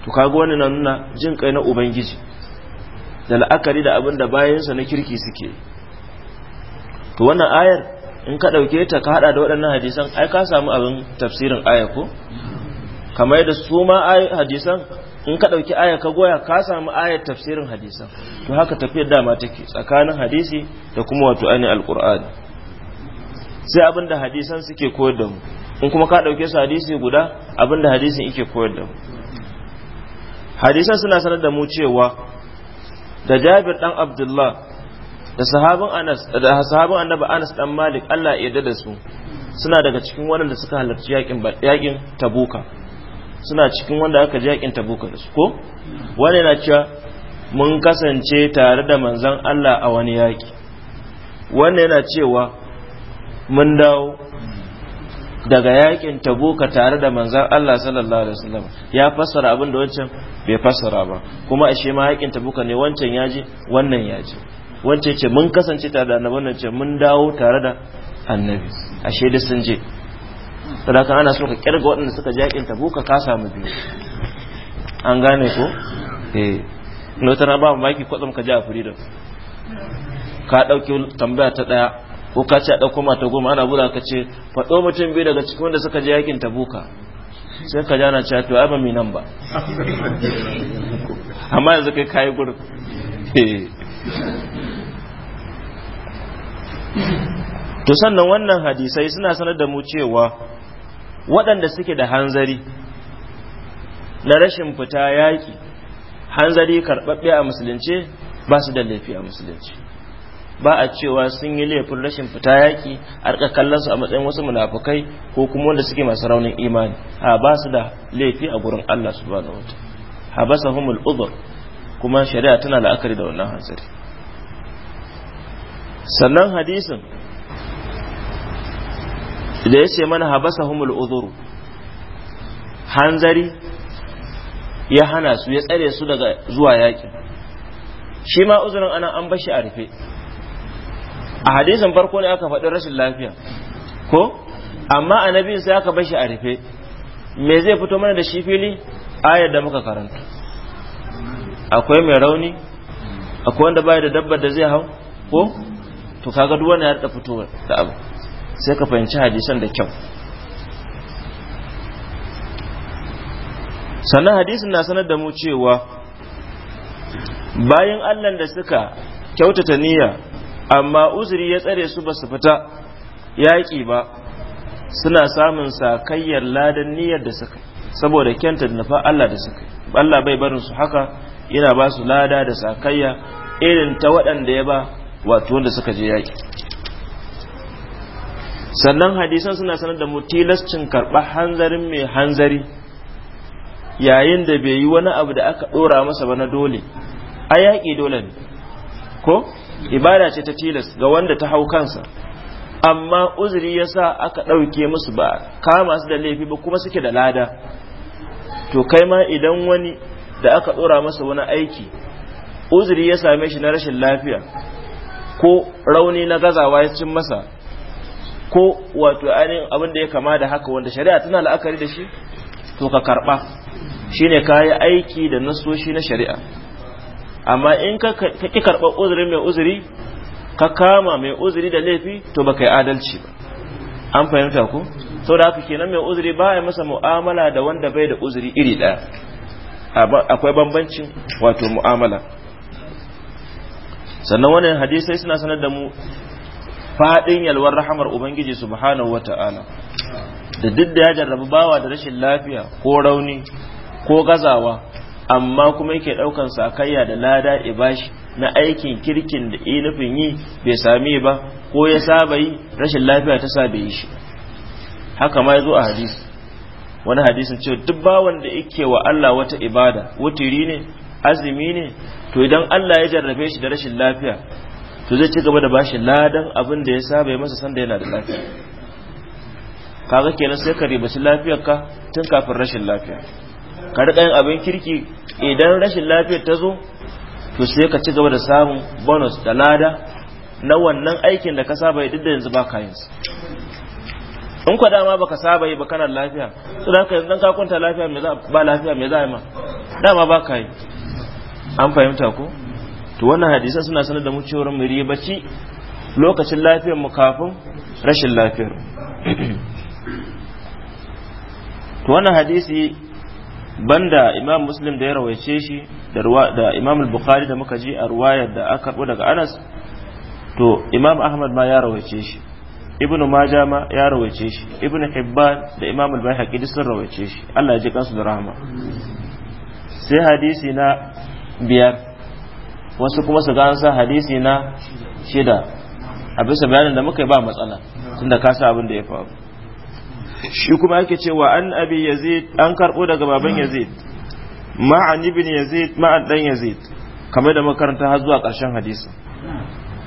to kaga wani na nuna jin kai na ubangiji da la'akari da abin da bayansa na kirki suke to wannan ayar in ka ɗauke ta ka haɗa da waɗannan hadisan ai ka samu abin tafsirin aya ko kamar yadda su ma hadisan in ka ɗauki aya ka goya ka samu ayar tafsirin hadisan to haka tafiyar dama take tsakanin hadisi da kuma wato ainihin alkur'ani sai abin hadisan suke koyar da mu in kuma ka ɗauke su hadisi guda abin da hadisin yake koyar da mu hadisan suna sanar da mu cewa da jabir dan abdullah da sahabin anas da sahabin annabi anas dan malik Allah ya yarda da su suna daga cikin waɗanda suka halarci yakin yakin tabuka suna cikin wanda aka ji yakin tabuka da su ko wani na cewa mun kasance tare da manzan Allah a wani yaki wani yana cewa mun dawo daga yakin tabuka tare da manzan Allah sallallahu alaihi wasallam ya fassara abin da wancan bai fassara ba kuma ashe ma yakin tabuka ne wancan ya je wannan ya je. wancan ce mun kasance tare da annabi wannan ce mun dawo tare da annabi ashe da sun je sadaka ana so ka kirga waɗanda suka jaƙin yakin tabuka ka samu biyu an gane ko eh no tana ba mu baki kwatsam ka ji a freedom ka ɗauki tambaya ta ɗaya ko ka ce a ɗauko mata goma ana bura ka ce faɗo mutum biyu daga cikin wanda suka ji yakin tabuka sai ka jana cewa to ai ba mi nan ba amma yanzu kai kayi gurin eh. to sannan wannan hadisai suna sanar da mu cewa waɗanda suke da hanzari na rashin fita yaƙi hanzari karɓaɓɓe a Musulunci ba su da laifi a musulunci ba a cewa sun yi laifin rashin fita yaƙi a rika kallon su a matsayin wasu munafukai ko kuma wanda suke masu raunin imani a ba su da laifi a gurin Allah subhanahu wata su humul uzur kuma shari'a tana la'akari da wannan hanzari sannan hadisin da ya ce mana habasa humul uzuru hanzari ya hana su ya tsare su daga zuwa yakin shi ma uzurin ana an bashi a rufe a hadisin farko ne aka faɗi rashin lafiya ko amma a nabi sai aka bashi a rufe me zai fito mana da shi fili ayar da muka karanta akwai mai rauni akwai wanda baya da dabbar da zai hau ko to kaga duk wani ya da fito da abu sai ka fahimci hadisan da kyau sannan hadisin na sanar da mu cewa bayan allah da suka kyautata niyya amma uzuri ya tsare su ba su fita yaƙi ba suna samun sakayyar ladan niyyar da suka saboda kyanta da nufa allah da suka allah bai barin su haka yana ba su lada da sakayya irin ta waɗanda ya ba wato wanda suka je yaƙi sannan hadisan suna sanar da mu tilascin karɓa hanzarin mai hanzari yayin da bai yi wani abu da aka ɗora masa ba na dole a yaƙi dole ne ko ibada ce ta tilas ga wanda ta hau kansa amma uzuri ya sa aka ɗauke musu ba kama su da laifi ba kuma suke da lada to kai ma idan wani da aka ɗora masa wani aiki uzuri ya same shi na rashin lafiya ko rauni na gazawa ya cin masa ko wato ainihin abin da ya kama da haka wanda shari'a tana la'akari da shi to ka karba ne kayi aiki da nasoshi na shari'a amma in ka ki karɓar uzuri mai uzuri ka kama mai uzuri da laifi to baka yi adalci ba an fahimta ku sau da haka kenan mai uzuri ba yi masa mu'amala da wanda bai da uzuri iri ɗaya akwai bambancin wato mu'amala sannan wannan hadisai suna sanar da mu faɗin yalwar rahamar ubangiji subhanahu wata'ala da duk da ya jarrabi bawa da rashin lafiya ko rauni ko gazawa amma kuma yake ɗaukan sakayya da lada ibashi na aikin kirkin da yi yi bai sami ba ko ya saba yi rashin lafiya ta sabe yi shi haka ma ya zo a hadisi wani hadisin cewa duk bawan da yake wa Allah wata ibada wutiri ne azumi ne to idan Allah ya jarrabe shi da rashin lafiya to zai ci gaba da bashi ladan abin da ya saba ya masa sanda yana da lafiya kaga kenan sai ka riba shi lafiyar ka tun kafin rashin lafiya ka riga yin abin kirki idan rashin lafiyar ta zo to sai ka ci gaba da samun bonus da lada na wannan aikin da ka saba yi duk da yanzu ba ka yinsa in kwa dama baka saba yi ba kana lafiya to da ka yanzu ka kwanta lafiya me za ba lafiya me za a yi ma dama ba ka yi an fahimta ko to wannan hadisa suna sanar da mu cewar mu bacci lokacin lafiyar mu kafin rashin lafiyar to wannan hadisi banda imam muslim da ya rawaice shi da imam bukhari da muka ji a ruwayar da aka karbo daga anas to imam ahmad ma ya rawaice shi ibn majah ma ya rawaice shi ibn hibban da imam al bayhaqi sun rawaice shi Allah ya ji kansu da rahama sai hadisi na biyar wasu kuma su gano sa hadisi na shida a bisa bayanin da muka yi ba matsala tunda ka sa abin da ya faru shi kuma yake cewa an abi yazid an karbo daga baban yazid an ibn yazid an dan yazid kamar da makaranta har zuwa ƙarshen hadisi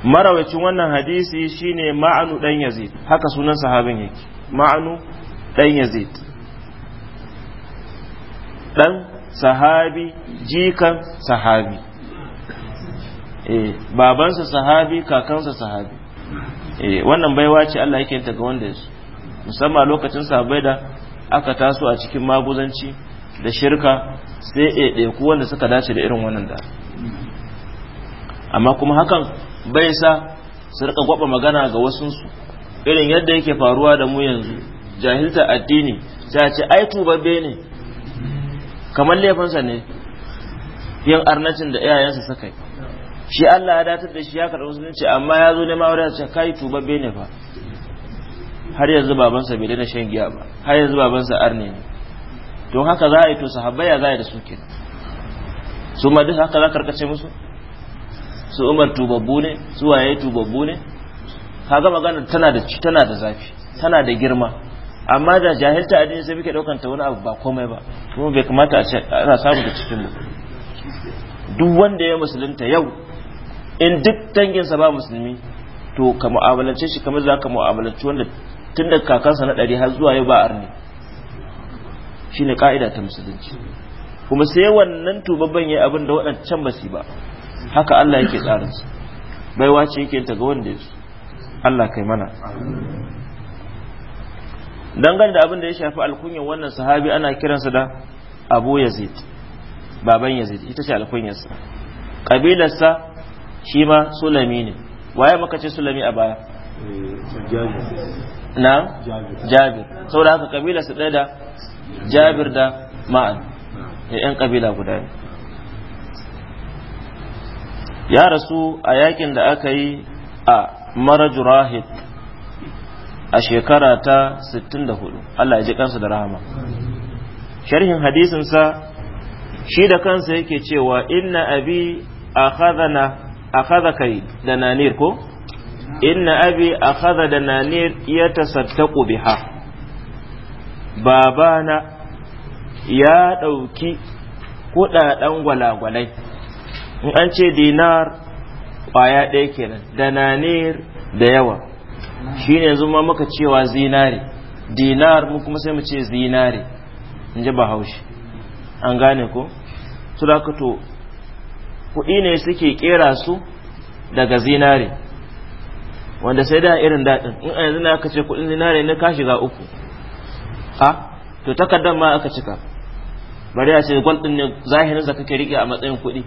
marawacin wannan hadisi shine ma'anu dan yazid haka sunan sahabin yake ma'anu dan yazid dan sahabi jikan sahabi Eh, babansa sahabi kakansa sahabi eh, wannan baiwa ce Allah yake ta ga wanda ya musamman lokacin sahabbai da aka taso a cikin maguzanci da shirka sai ku wanda suka dace da irin wannan da amma kuma hakan bai sa su rika gwaba magana ga su irin yadda yake faruwa da mu yanzu jahilta addini sai a ce ai tubabbe ne kamar laifinsa ne yin arnacin da iyayensa suka yi shi Allah ya datar da shi ya karɓi musulunci amma ya zo nema wadda ce kai tubabbe ne fa har yanzu babansa bai daina shan giya ba har yanzu babansa arne ne don haka za a yi to ya za a yi da su ke su ma duk haka za karkace musu su umar tubabbu ne su waye tubabbu ne ga magana tana da tana da zafi tana da girma amma da jahilta addini sai muke daukar ta wani abu ba komai ba kuma bai kamata a ce ana samu da cikin mu duk wanda ya musulunta yau in duk danginsa ba musulmi to ka mu'amalance shi kamar za ka mu'amalanci wanda tun da kakansa na ɗari har zuwa yau ba arni shi ne ka'ida ta musulunci kuma sai wannan tubabban ya abin da waɗancan basi ba haka Allah yake su. baiwa ce yake ta ga wanda ya Allah kai mana dangane da abin da ya shafi alkunyar wannan sahabi ana kiransa da abu yazid baban yazid ita ce alkunyarsa ƙabilarsa shi ma sulami ne waye muka ce sulami a baya eh, na jabir saboda haka kabila su ɗaya da jabir da ma'an Da yan eh, kabila guda ne ya rasu a yakin da aka yi a marajurahid a shekara ta 64 Allah ya ji kansa da rahama sharhin hadisinsa shi da kansa yake cewa inna abi akhadhana akhadha kai dananir ko inna abi akhadha dananir yatasaddaqu biha babana ya ɗauki kuɗaɗen gwalagwalai in an ce dinar kwaya ɗaya kenan dananir da yawa shine yanzu ma muka cewa zinare dinar mu kuma sai mu ce zinare in ji bahaushe an gane ko to kuɗi ne suke kera su daga zinare wanda sai da irin daɗin in a yanzu na aka ce kuɗin zinare ne ka shiga uku ha to takardar ma aka cika bari a ce gwal ɗin ne zahirin zaka kake riƙe a matsayin kuɗi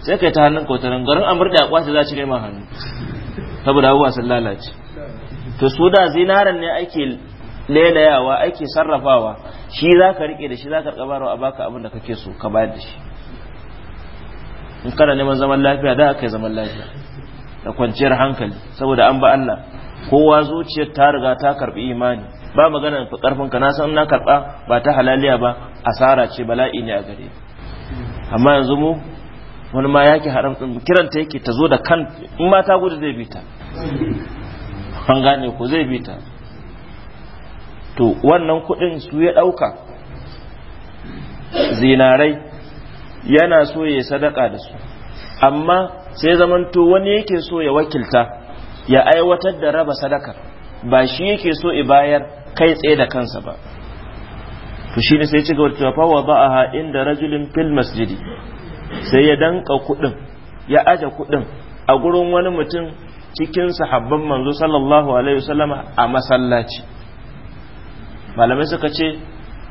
sai kai ta hannun kautarin garin amurda a ƙwace za cire ma hannu saboda abubuwa sun lalace to su da zinaren ne ake lelayawa ake sarrafawa shi za ka rike da shi za ka karɓa a baka abin da kake so ka bayar da shi in kana neman zaman lafiya da aka yi zaman lafiya da kwanciyar hankali saboda an ba Allah kowa zuciyar ta riga ta karbi imani ba magana fi karfin ka na san na karba ba ta halaliya ba asara ce bala'i ne a gare amma yanzu mu wani ma yake haram kiranta yake ta zo da kan in ma ta gudu zai bi ta an gane ko zai bi to wannan kudin su ya dauka zinarai yana so ya sadaka da su amma sai zamanto wani yake so ya wakilta ya aiwatar da raba sadaka ba shi yake so i bayar kai tsaye da kansa ba to shine sai ci gaba cewa fawa a inda rajulin fil masjidi sai ya danka kudin ya aje kudin a gurin wani mutum cikin sahabban manzo sallallahu alaihi wasallama a masallaci malamai suka ce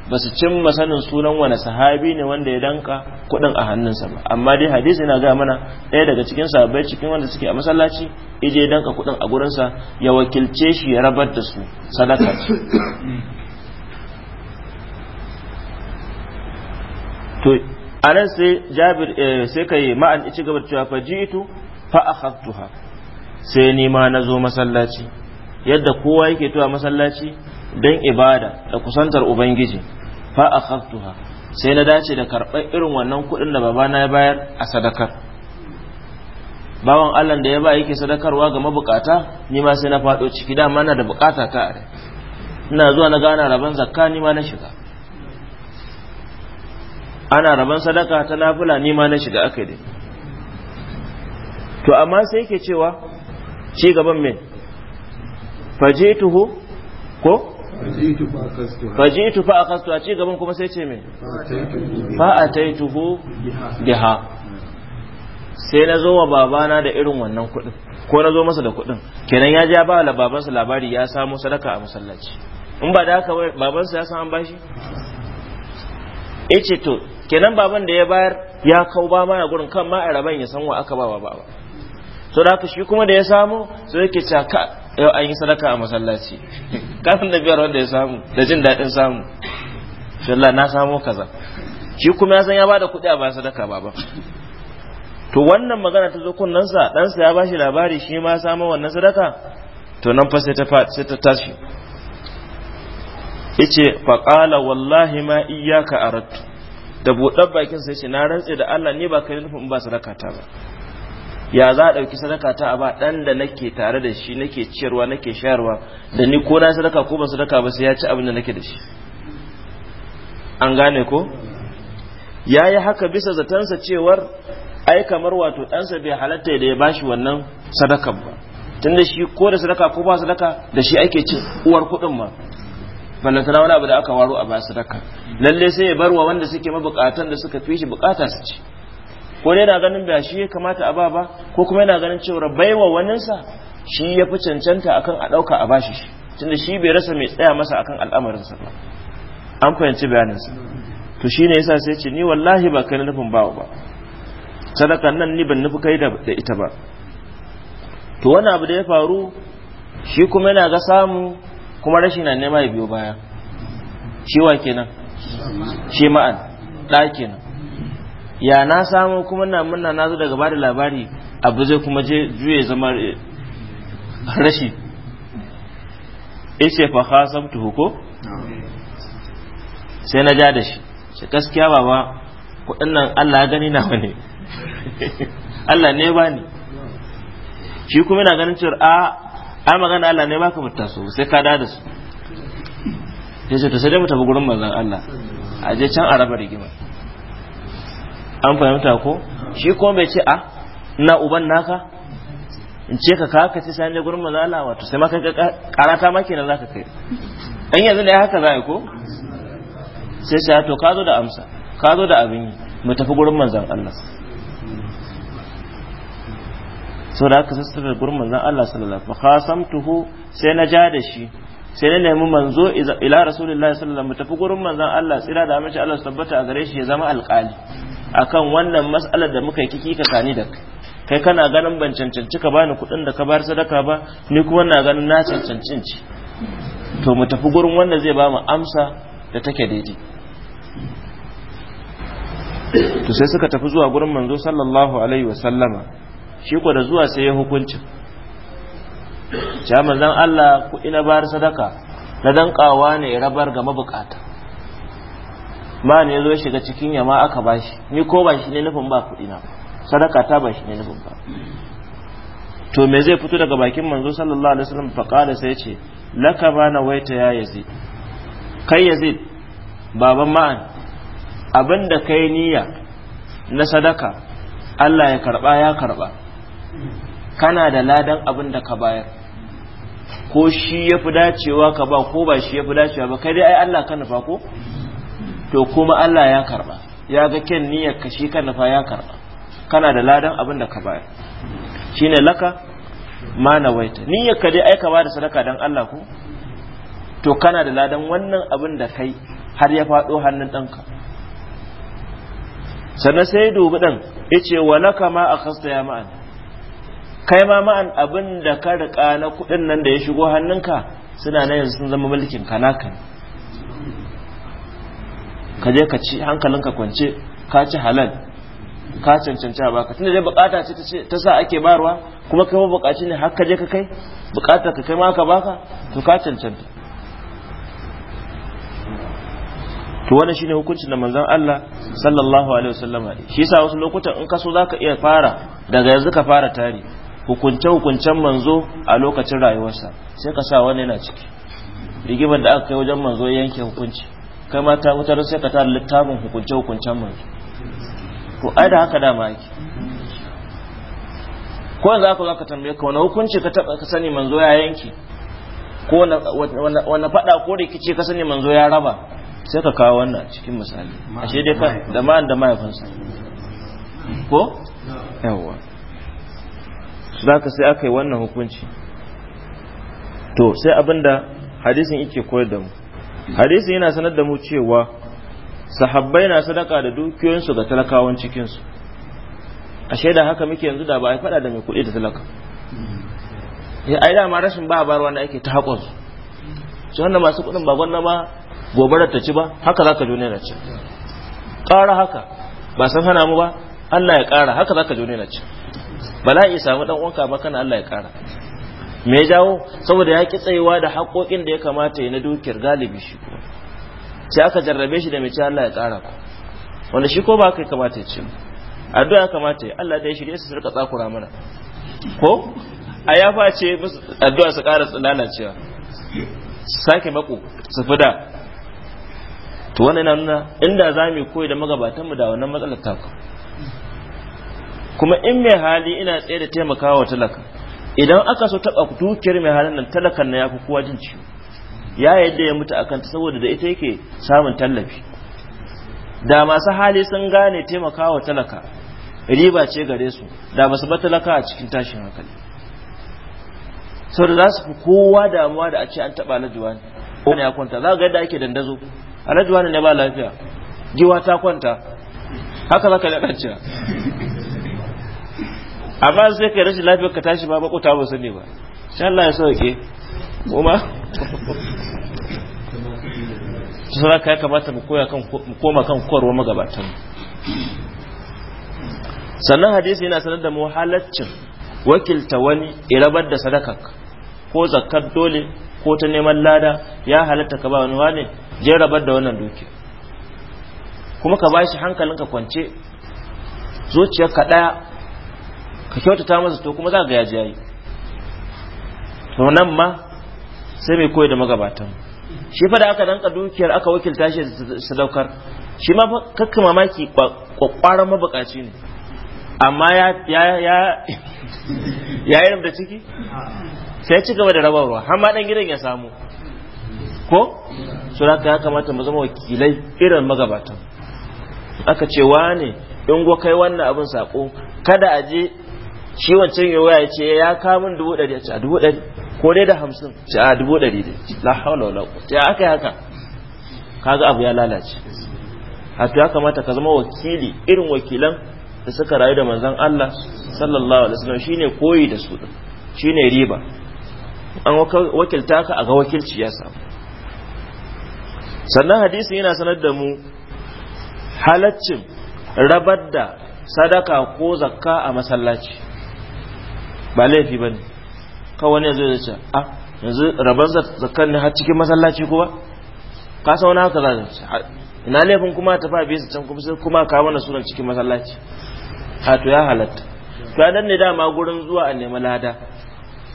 ba su cimma sanin sunan wani sahabi ne wanda ya danka kuɗin a hannunsa ba amma dai hadisi yana ga mana ɗaya daga cikin sahabbai cikin wanda suke a masallaci ije ya danka kuɗin a gurinsa ya wakilce shi ya rabar da su sadaka ce to anan sai jabir eh, sai kai ma'an ci gaba cewa fa jitu fa akhadtuha sai ni ma nazo masallaci yadda kowa yake tuwa masallaci dan ibada da kusantar ubangiji fa akhadtuha sai na dace da karɓar irin wannan kuɗin da babana ya bayar a sadakar bawan Allah da ya ba yake sadakarwa ga mabukata ni ma sai na faɗo ciki da na da bukata ta are ina zuwa na gana rabon zakka ni ma na shiga ana rabon sadaka ta nafila ni ma na shiga aka dai to amma sai yake cewa ci gaban me fajituhu ko faji'tu fa akastu a ci gaban kuma sai ce me fa ataituhu biha sai na zo wa babana da irin wannan kuɗin ko na zo masa da kuɗin kenan ya ja ba la babansa labari ya samu sadaka a masallaci in ba da haka babansa ya san an bashi yace to kenan baban da ya bayar ya kau ba ma gurin kan ma a raban ya san wa aka ba ba ba to da haka shi kuma da ya samu sai yake caka yau an yi sadaka a masallaci kafin da biyar wanda ya samu da jin daɗin samu Allah na samo kaza shi kuma ya san ya bada kuɗi a bayan sadaka ba ba. to wannan magana ta zo kunnansa ɗansa ya bashi labari shi ma samo wannan sadaka to nan fa sai ta sai ta tashi yace fa qala wallahi ma iyyaka aradtu da buɗar bakin sai ce na rantse da Allah ni ba kai nufin ba sadaka ta ba ya za a ɗauki sadaka ta a ba ɗan da nake tare da shi nake ciyarwa nake shayarwa da ni ko na sadaka ko ba sadaka ba sai ya ci abin da nake da shi an gane ko ya yi haka bisa zatansa cewar ai kamar wato ɗansa bai halatta da ya bashi wannan sadakan ba tun da shi ko da sadaka ko ba sadaka da shi ake cin uwar kuɗin ma ballantana wani abu da aka waro a ba sadaka lalle sai ya barwa wanda suke mabukatan da suka fi shi bukata su ci ko dai na ganin ba shi ya kamata a ba ba ko kuma yana ganin cewa baiwa waninsa shi ya fi cancanta akan a ɗauka a bashi shi tunda shi bai rasa mai tsaya masa akan al'amarinsa ba an fahimci bayaninsa to shi ne yasa sai ce ni wallahi ba kai nufin bawa ba sadakan nan ni ban nufi kai da ita ba to wani abu da ya faru shi kuma yana ga samu kuma rashin na nema ya biyo baya shi wa kenan shi ma'an ɗa kenan ya na samu kuma na muna na zo daga bada labari abu zai kuma je juye zama eh, rashi ishe fa khasam ko sai na ja da shi shi gaskiya baba kudin nan Allah ya gani na wani Allah ne ba ni shi kuma ina ganin cewa a ah, a magana Allah ne baka mutta su sai ka da su sai ta sai da mu tafi gurin manzon Allah a je can a raba rigima an fahimta ko shi ko bai ce a ah, na uban naka in ce ka ka ka ce sai ne gurin mazala wato sai ma kai karata ma za zaka kai an yanzu ne haka za ko sai sai ah, to ka zo da amsa ka zo da abin yi mu tafi gurin manzan Allah da haka sassara gurin manzan Allah sallallahu alaihi wasallam fa khasamtuhu sai na ja da shi sai na nemi manzo ila rasulullahi sallallahu alaihi tafi gurin manzon Allah tsira da amince Allah tabbata a gare shi ya zama alƙali akan wannan mas'alar da muka yi kiki ka tani da kai kana ganin ban cancanci ka bani kuɗin da ka bar sadaka ba ni kuma na ganin na cancancin ci to mu tafi gurin wanda zai ba mu amsa da take daidai to sai suka tafi zuwa gurin manzo sallallahu alaihi wasallama shi ko da zuwa sai ya hukuncin ya manzan Allah ku ina bayar sadaka na danƙawa ne rabar ga mabukata ma ne zo shiga cikin yama aka bashi ni ko ba shi ne nufin ba kuɗi na sadaka ta ba shi ne nufin ba to me zai fito daga bakin manzo sallallahu alaihi wasallam fa qala sai ce laka ba na waita ya yazid kai yazid baban ma'an abinda kai niyya na sadaka Allah ya karba ya karba kana da ladan abin da ka bayar ko shi ya fi dacewa ka ba ko ba shi ya fi dacewa ba kai dai ai Allah ka nufa ko to kuma Allah ya karba ya ga kyan niyyar ka shi ka nufa ya karba kana da ladan abin da ka bayar shine laka ma waita niyyar ka dai ai ka ba da sadaka dan Allah ko to kana da ladan wannan abin da kai har ya faɗo hannun ɗanka sannan sai dubi ɗan ya ce wa laka ma a kasta ya ma'ana kai ma ma'an abin da ka riƙa na kuɗin nan da ya shigo hannunka suna na yanzu sun zama mulkin ka naka ka je ka ci hankalinka kwance ka ci halal ka cancanci a baka tunda dai bukata ce ta sa ake barwa kuma kai bukaci ne har ka je ka kai bukatar ka kai ma ka baka to ka cancanta to wannan shine hukuncin da manzon Allah sallallahu alaihi wasallam shi yasa wasu lokutan in ka so zaka iya fara daga yanzu ka fara tari hukunce-hukuncen manzo a lokacin rayuwarsa sai ka sa wani yana ciki rigimar da aka kai wajen manzo yanke hukunci kai ma ta wutar sai ka ta littafin hukunce-hukuncen manzo ko ai da haka dama ake ko yanzu aka zo ka tambaye ka wani hukunci ka taba ka sani manzo ya yanke ko wani fada ko rikici ka sani manzo ya raba sai ka kawo wannan cikin misali ashe dai ka da ma'an da mahaifinsa ko yawwa su zaka sai aka yi wannan hukunci to sai abinda hadisin yake koyar da mu hadisin yana sanar da mu cewa sahabbai na sadaka da dukiyoyinsu ga talakawan cikinsu a shaida haka muke yanzu da ba a fada da mai kuɗi da talaka ya ai dama rashin ba bar wanda ake ta haƙon su su wanda masu kuɗin ba gwanna ba gobara ta ci ba haka za ka na ci ƙara haka ba san hana mu ba Allah ya ƙara haka za ka jo na ci Bala ya samu dan uwanka ba kana Allah ya kara me ya jawo saboda ya ki tsayuwa da haƙoƙin da ya kamata ya na dukiyar galibi shi sai aka jarrabe shi da mai ci Allah ya kara ko wanda shi ko ba kai kamata ya ci addu'a kamata ya Allah da ya shirye su rika tsakura mana ko a ya face musu addu'a su ƙara lalacewa sake mako su fida to wannan na nuna inda za mu koyi da magabatanmu da wannan matsalar taku. kuma in mai hali ina tsaye da taimakawa talaka idan aka so taɓa dukiyar mai halin nan talakan na ya fi kowa jin ciwo ya yadda ya mutu akan ta saboda da ita yake samun tallafi da masu hali sun gane taimakawa talaka riba ce gare su da basu ba talaka a cikin tashin hankali sau da za su fi kowa damuwa da a ce an taɓa lajuwa ne ne ya kwanta za ga yadda ake dandazo lajuwa ne ba lafiya giwa ta kwanta haka za ka lakacciya amma sai kai rashin lafiyar ka tashi ba makuta ba sani ba sha Allah ya sauke su ya kamata mu koma kan korwa magabatan sannan hadisi yana sanar da mu wakilta wani irabar da sadaka ko zakkar dole ko ta neman lada ya halatta ka ba wani wane je rabar da wannan duki kuma ka bashi hankalinka kwance zuciyarka daya ka kyautata masa to kuma za ga yaji yayi to nan ma sai mai koyi da magabatan shi fa da aka danka dukiyar aka wakilta shi sadaukar shi ma kakka mamaki kwakwaran mabukaci ne amma ya ya ya da ciki sai ci gaba da rabarwa har ma dan gidan ya samu ko so haka ya kamata mu zama wakilai irin magabatan aka ce ne in kai wannan abin sako kada a je shi wancan ya waya ce ya kamun dubu ɗari a ce a dubu ɗari ko dai da hamsin ce a dubu ɗari da la haula wala quwwata ya aka yi haka kaga abu ya lalace hatta ya kamata ka zama wakili irin wakilan da suka rayu da manzon Allah sallallahu alaihi wasallam shine koyi da su shine riba an wakilta ka a ga wakilci ya samu sannan hadisi yana sanar da mu halaccin rabar da sadaka ko zakka a masallaci ba laifi ba ne kawai ne zai ce a ah, yanzu rabar zakan ne har cikin masallaci kuwa ka sa wani haka za ce ah, ina laifin kuma ta fa can kuma kuma ka mana sunan cikin masallaci a ah, to ya halatta to nan ne dama gurin zuwa a nema lada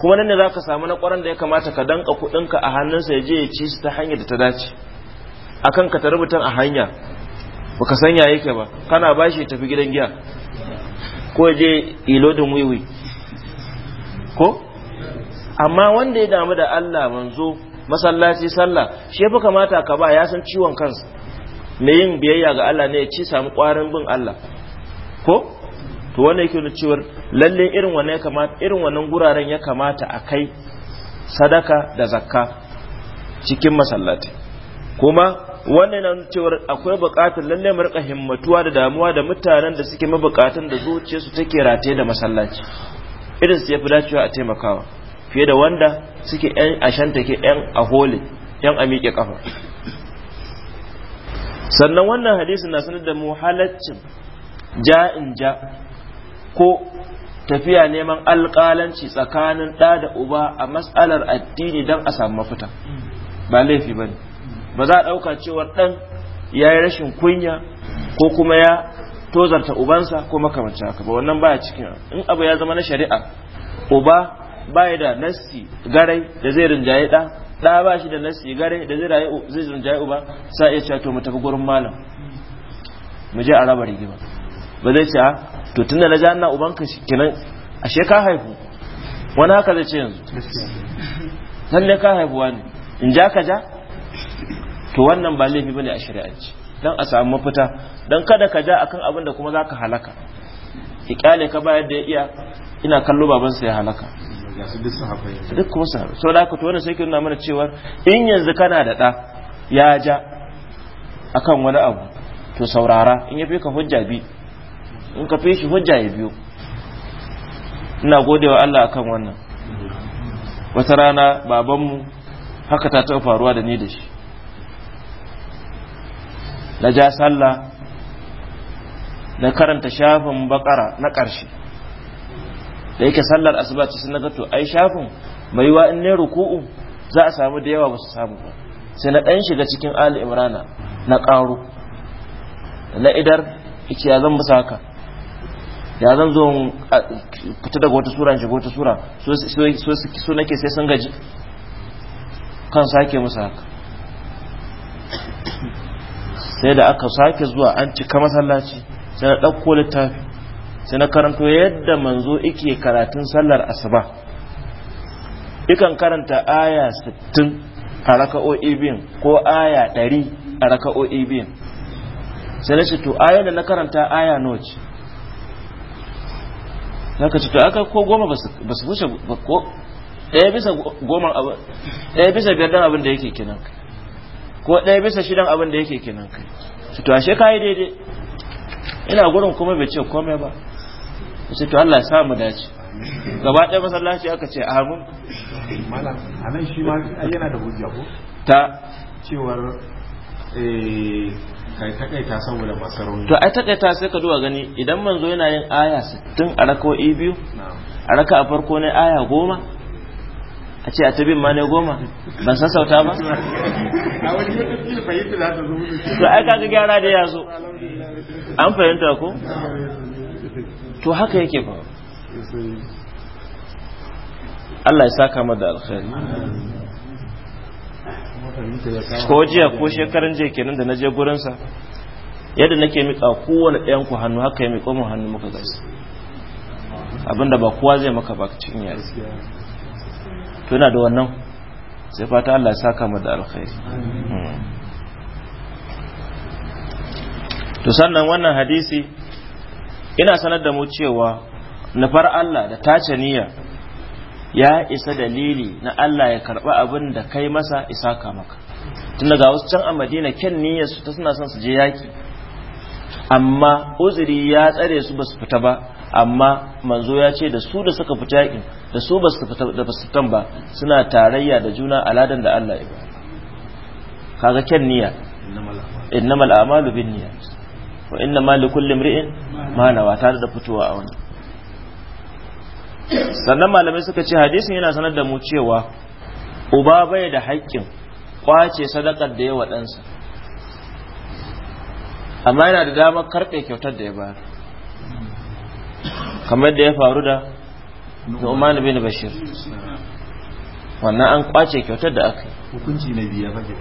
kuma nan ne za ka samu na kwaran da ya kamata ka danka kuɗinka a hannunsa ya je ya ci su ta hanyar da ta dace akan ka ta a hanya baka sanya yake ba kana bashi tafi gidan giya ko je ilodin wiwi ko amma wanda ya damu da Allah manzo masallaci sallah shi yafi kamata ka ba ya san ciwon kansa me yin biyayya ga Allah ne ya ci samu kwarin bin Allah ko to wanda yake da cewa lalle irin wanne ya kamata irin wannan guraren ya kamata a kai sadaka da zakka cikin masallati kuma wannan na cewa akwai buƙatar lalle mu rika himmatuwa da damuwa da mutanen da suke mabukatan da zuciyarsu take rataye da masallaci irin su yafi dacewa a taimakawa fiye da wanda suke yan ashanta ke yan aholi yan a miƙe kafa sannan wannan hadisin na sanar da mu halaccin ja'in ja ko tafiya neman alƙalanci tsakanin ɗa da uba a matsalar addini don a samu mafita ba laifi ba ne ba za a ɗauka cewar ɗan ya yi rashin kunya ko kuma ya tozarta ubansa ko makamancin haka ba wannan baya cikin in abu ya zama na shari'a uba baya da nassi garai da zai rinjaye da da ba shi da nassi garai da zai zai rinjaye uba sai ya ce to mu tafi gurin malam mu je a raba rigima ba zai ce ah, to tunda na ji uban ubanka kenan ashe ka haihu wani haka zai ce yanzu lalle ka haihuwa ne in ja ka ja to wannan ba laifi bane a shari'ance don a samu mafita don kada ka ja akan abin da kuma za ka halaka ikyale ka bayar da ya iya ina kallo babansa ya halaka duk kuma sa so da ku to wanda sai ki nuna mana cewa in yanzu kana da ɗa ya ja akan wani abu to saurara in ya fi ka hujja bi in ka fi hujja ya biyo ina gode Allah akan wannan wata rana babanmu haka ta taɓa faruwa da ni da shi na ja sallah na karanta shafin bakara na ƙarshe da yake sallar asuba ce na gato ai shafin mai wa in ne ruku'u za a samu da yawa ba su samu ba sai na ɗan shiga cikin ali imrana na ƙaro na idar ike ya zan haka ya zan zo fita daga wata sura shiga wata sura so nake sai sun gaji kan sake haka. sai da aka sake zuwa an cika masallaci sai na ɗauko littafi sai na karanto yadda manzo ike karatun sallar asuba ikan karanta aya 60 a raka'o'i biyun ko aya 100 a raka'o'i biyun sai na ce to aya da na karanta aya nawa ce zaka ce to aka ko goma ba su wuce ko ɗaya bisa goma ɗaya bisa biyar abin da yake kenan ko ɗaya bisa shidan abin da yake kenan kai to ashe kai daidai ina gurin kuma bai ce komai ba sai to Allah ya sa mu dace gaba ɗaya masallaci aka ce amin malam anan shi ma yana da hujja ko ta cewar eh kai ta takaita saboda masarauta to ai ta kai ta sai ka duba gani idan manzo yana yin aya 60 a rakawoyi biyu a raka a farko ne aya goma. a ce a tabin ma ne goma ban san sauta ba to ai kaga gyara da ya an fahimta ko to haka yake ba Allah ya saka da alkhairi ko jiya ko shekaran jiya kenan da na je gurinsa yadda nake mika kowane ɗayan ku hannu haka ya miƙo mu hannu muka gaisa abinda ba kowa zai maka ba cikin yare to yana da wannan sai fata Allah ya saka mu da alkhairi hmm. to sannan wannan hadisi ina sanar da mu cewa nufar Allah da tace niyya ya isa dalili na Allah ya karba abin da kai masa isa ka maka tun daga wasu can a madina kyan niyyar su ta suna son su je yaki amma uzuri ya tsare su ba su fita ba amma manzo ya ce da su da suka fita yakin da su ba su fita da fasitan ba suna tarayya da juna aladan da Allah ya ba kaga kyan niyya innamal a'malu niyya wa innama kulli imri'in ma nawa tare da fitowa a wani sannan malamai suka ce hadisin yana sanar da mu cewa uba bai da haƙƙin kwace sadakar da ya waɗansa amma yana da damar karɓe kyautar da ya bayar kamar da ya faru da Nu'man bin Bashir wannan an kwace kyautar da aka yi hukunci na biya ba ke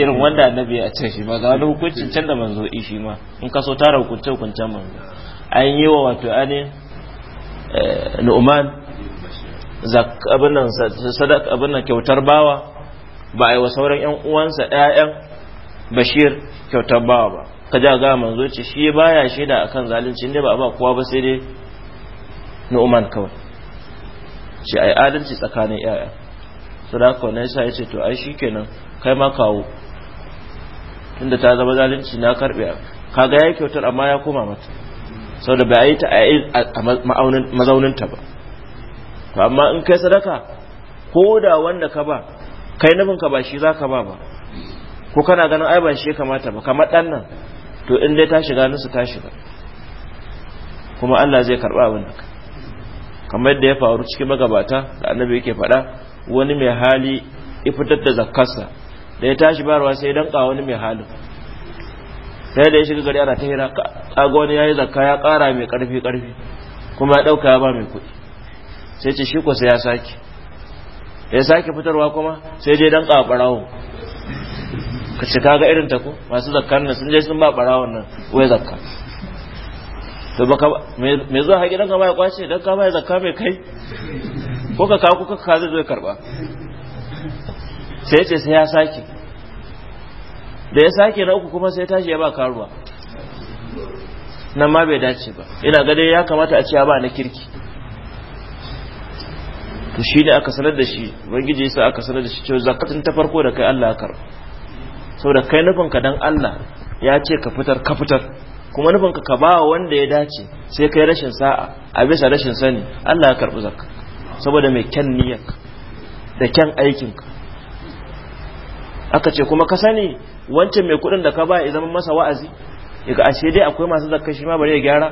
irin wanda annabi a ce shi ba ga wani hukuncin can da manzo yi shi ma in ka so tara hukunci hukuncen manzo an yi wa wato an eh, Nu'man zak abin nan sadak abin nan kyautar bawa ba a wa sauran yan uwansa ɗayan Bashir kyautar bawa ba ka ja ga manzo ce shi baya shaida akan zalunci inda ba ba kowa ba sai dai Nu'man kawai shi ai adalci tsakanin yaya ko ne sai yace to ai shikenan kai ma kawo tunda ta zama zalunci na karbe kaga yake kyautar amma ya koma mata saboda bai yi ta a ma'aunin mazaunin ta ba to amma in kai sadaka ko da wanda ka ba kai nufin ka ba shi zaka ba ba ko kana ganin ai ban shi kamata ba kamar dan nan to in dai ta shiga nasu ta shiga kuma Allah zai karba abin da kamar yadda ya faru cikin magabata da annabi yake faɗa wani mai hali ya fitar da zakkarsa da ya tashi barwa sai dan ka wani mai hali. sai da ya shiga gari ana ta hira kaga wani yayi zakka ya ƙara mai ƙarfi ƙarfi kuma ya ɗauka ya ba mai kuɗi sai ce shi ko sai ya sake ya sake fitarwa kuma sai je dan ƙawa ɓarawo ka ce kaga irin ta ko masu zakkan nan sun je sun ba bara nan wai zakka to baka me zuwa haƙi dan ka ya kwace dan ka ya zakka mai kai ko ka kawo kuka ka zai zo karba sai ce sai ya sake da ya sake na uku kuma sai tashi ya ba karuwa nan ma bai dace ba ina ga dai ya kamata a ce ya ba na kirki to shi ne aka sanar da shi ubangiji yasa aka sanar da shi cewa zakatun ta farko da kai Allah ya karba saboda kai nufinka dan Allah ya ce ka fitar ka fitar kuma nufinka ka ba wanda ya dace sai kai rashin sa'a a bisa rashin sani Allah ya karɓi zakka saboda mai kyan niyyarka da kyan aikinka aka ce kuma ka sani wancan mai kuɗin da ka ba ya zama masa wa'azi daga ashe dai akwai masu zakka shi ma bare ya gyara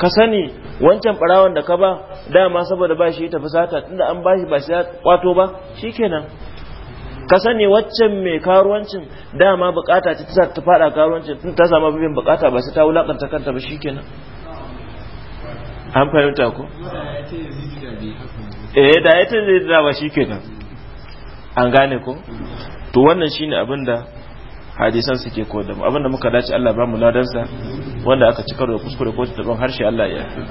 ka sani wancan barawon da ka ba dama saboda ba shi ya tafi sata tunda an ba shi ba shi ya kwato ba shi kenan. ka sani waccan mai karuwancin dama bukata ce ta ta fada karuwancin tun ta samu biyan bukata ba sai ta wulakanta kanta ba shikenan an fahimta ko eh da ita zai da ba shikenan an gane ko to wannan shine abin da hadisan suke koda mu abin da muka dace Allah ba mu ladansa wanda aka cikar da kuskure ko taban harshe Allah ya yafi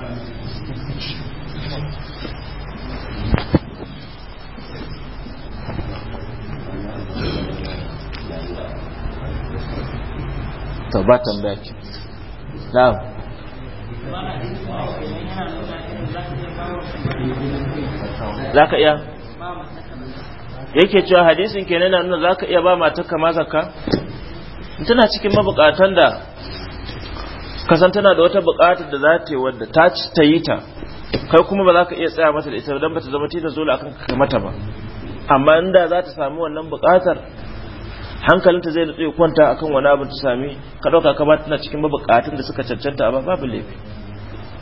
ta ba tambaya ki na'am zaka iya yake cewa hadisin kenan na nuna zaka iya ba matar kama zakka tana cikin mabukatan da kasan tana da wata bukatar da za ta yi wadda ta ci ta yi ta kai kuma ba za ka iya tsaya mata da ita don ba ta zama tita zola akan ka mata ba amma inda za ta samu wannan bukatar hankalinta zai nutsu ya kwanta akan wani abin ta sami ka ɗauka ka ba tana cikin mabukatun da suka cancanta a babu laifi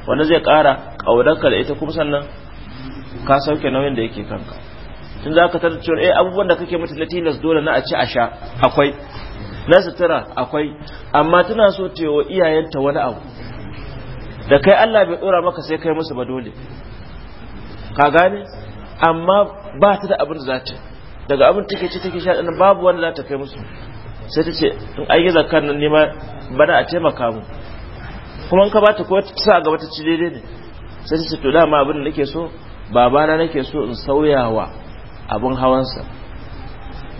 wanda zai ƙara ƙaunarka da ita kuma sannan ka sauke nauyin da yake kanka tun za ka tattar cewa eh abubuwan da kake mata na tilas dole na a ci a sha akwai na sutura akwai amma tana so ta wa iyayenta wani abu da kai Allah bai ɗora maka sai kai musu ba dole ka gane amma ba ta da abin da za ta daga abin take ce take sha ɗin babu wanda za ta kai musu sai ta ce in an yi kan nan nema bana a taimaka mu kuma ka bata ko ta sa gaba ta ci daidai ne sai ta ce to dama abin da nake so babana nake so in sauyawa abin hawansa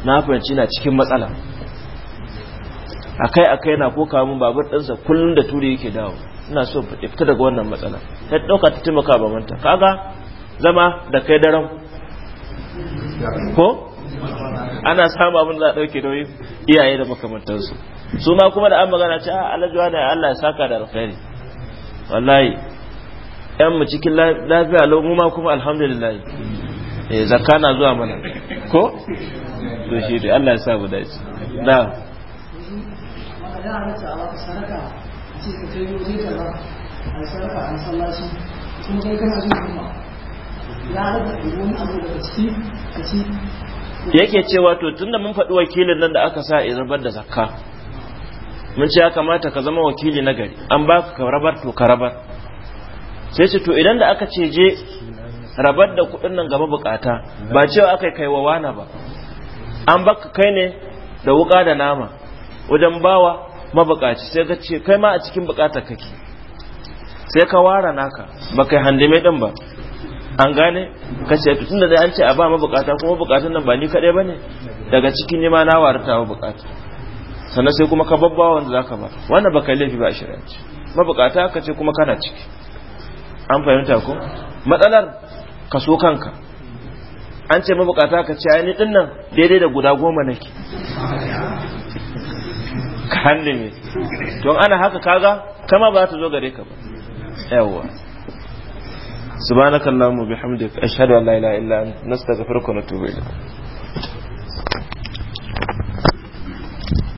na fahimci na cikin matsala akai akai na koka mun babur ɗansa kullum da turi yake dawo ina so fita daga wannan matsala ta ɗauka ta taimaka manta kaga zama da kai daren ko ana samu abin da za a ɗauke iyaye da makamantansu su ma kuma da an magana ce a ah, alhaji wani Allah ya saka da alkhairi wallahi yan mu cikin lafiya lau mu ma kuma alhamdulillah eh zakka na zuwa mana ko to shi dai Allah ya sa mu dace na kuma kai kana ya rage wani abu daga ciki a yake cewa to tunda mun faɗi wakilin nan da aka sa in rabar da zakka mun ce ya kamata ka zama wakili na gari an baka ka rabar to ka rabar sai ce to idan da aka ce je rabar da kuɗin nan gaba bukata ba cewa aka kai wa wana ba an baka kai ne da wuka da nama wajen bawa mabukaci sai ka ce kai ma a cikin bukatar kake sai ka ware naka ba kai handame ɗin ba an gane ka ce tun da an ce a ba mabukata kuma bukatun nan ba ni kaɗai ba ne daga cikin nima na warta wa bukata sannan sai kuma ka babba wanda za ka ba wannan ba kai laifi ba a shirance mabukata ka ce kuma kana ciki an fahimta ko matsalar ka so kanka an ce mabukata ka ce ainihin din nan daidai da guda goma nake ka hannu ne don ana haka kaga kama ba ta zo gare ka ba yawwa subhanakallahumma bihamdika ashhadu an la ilaha illa anta nastaghfiruka wa natubu ilayk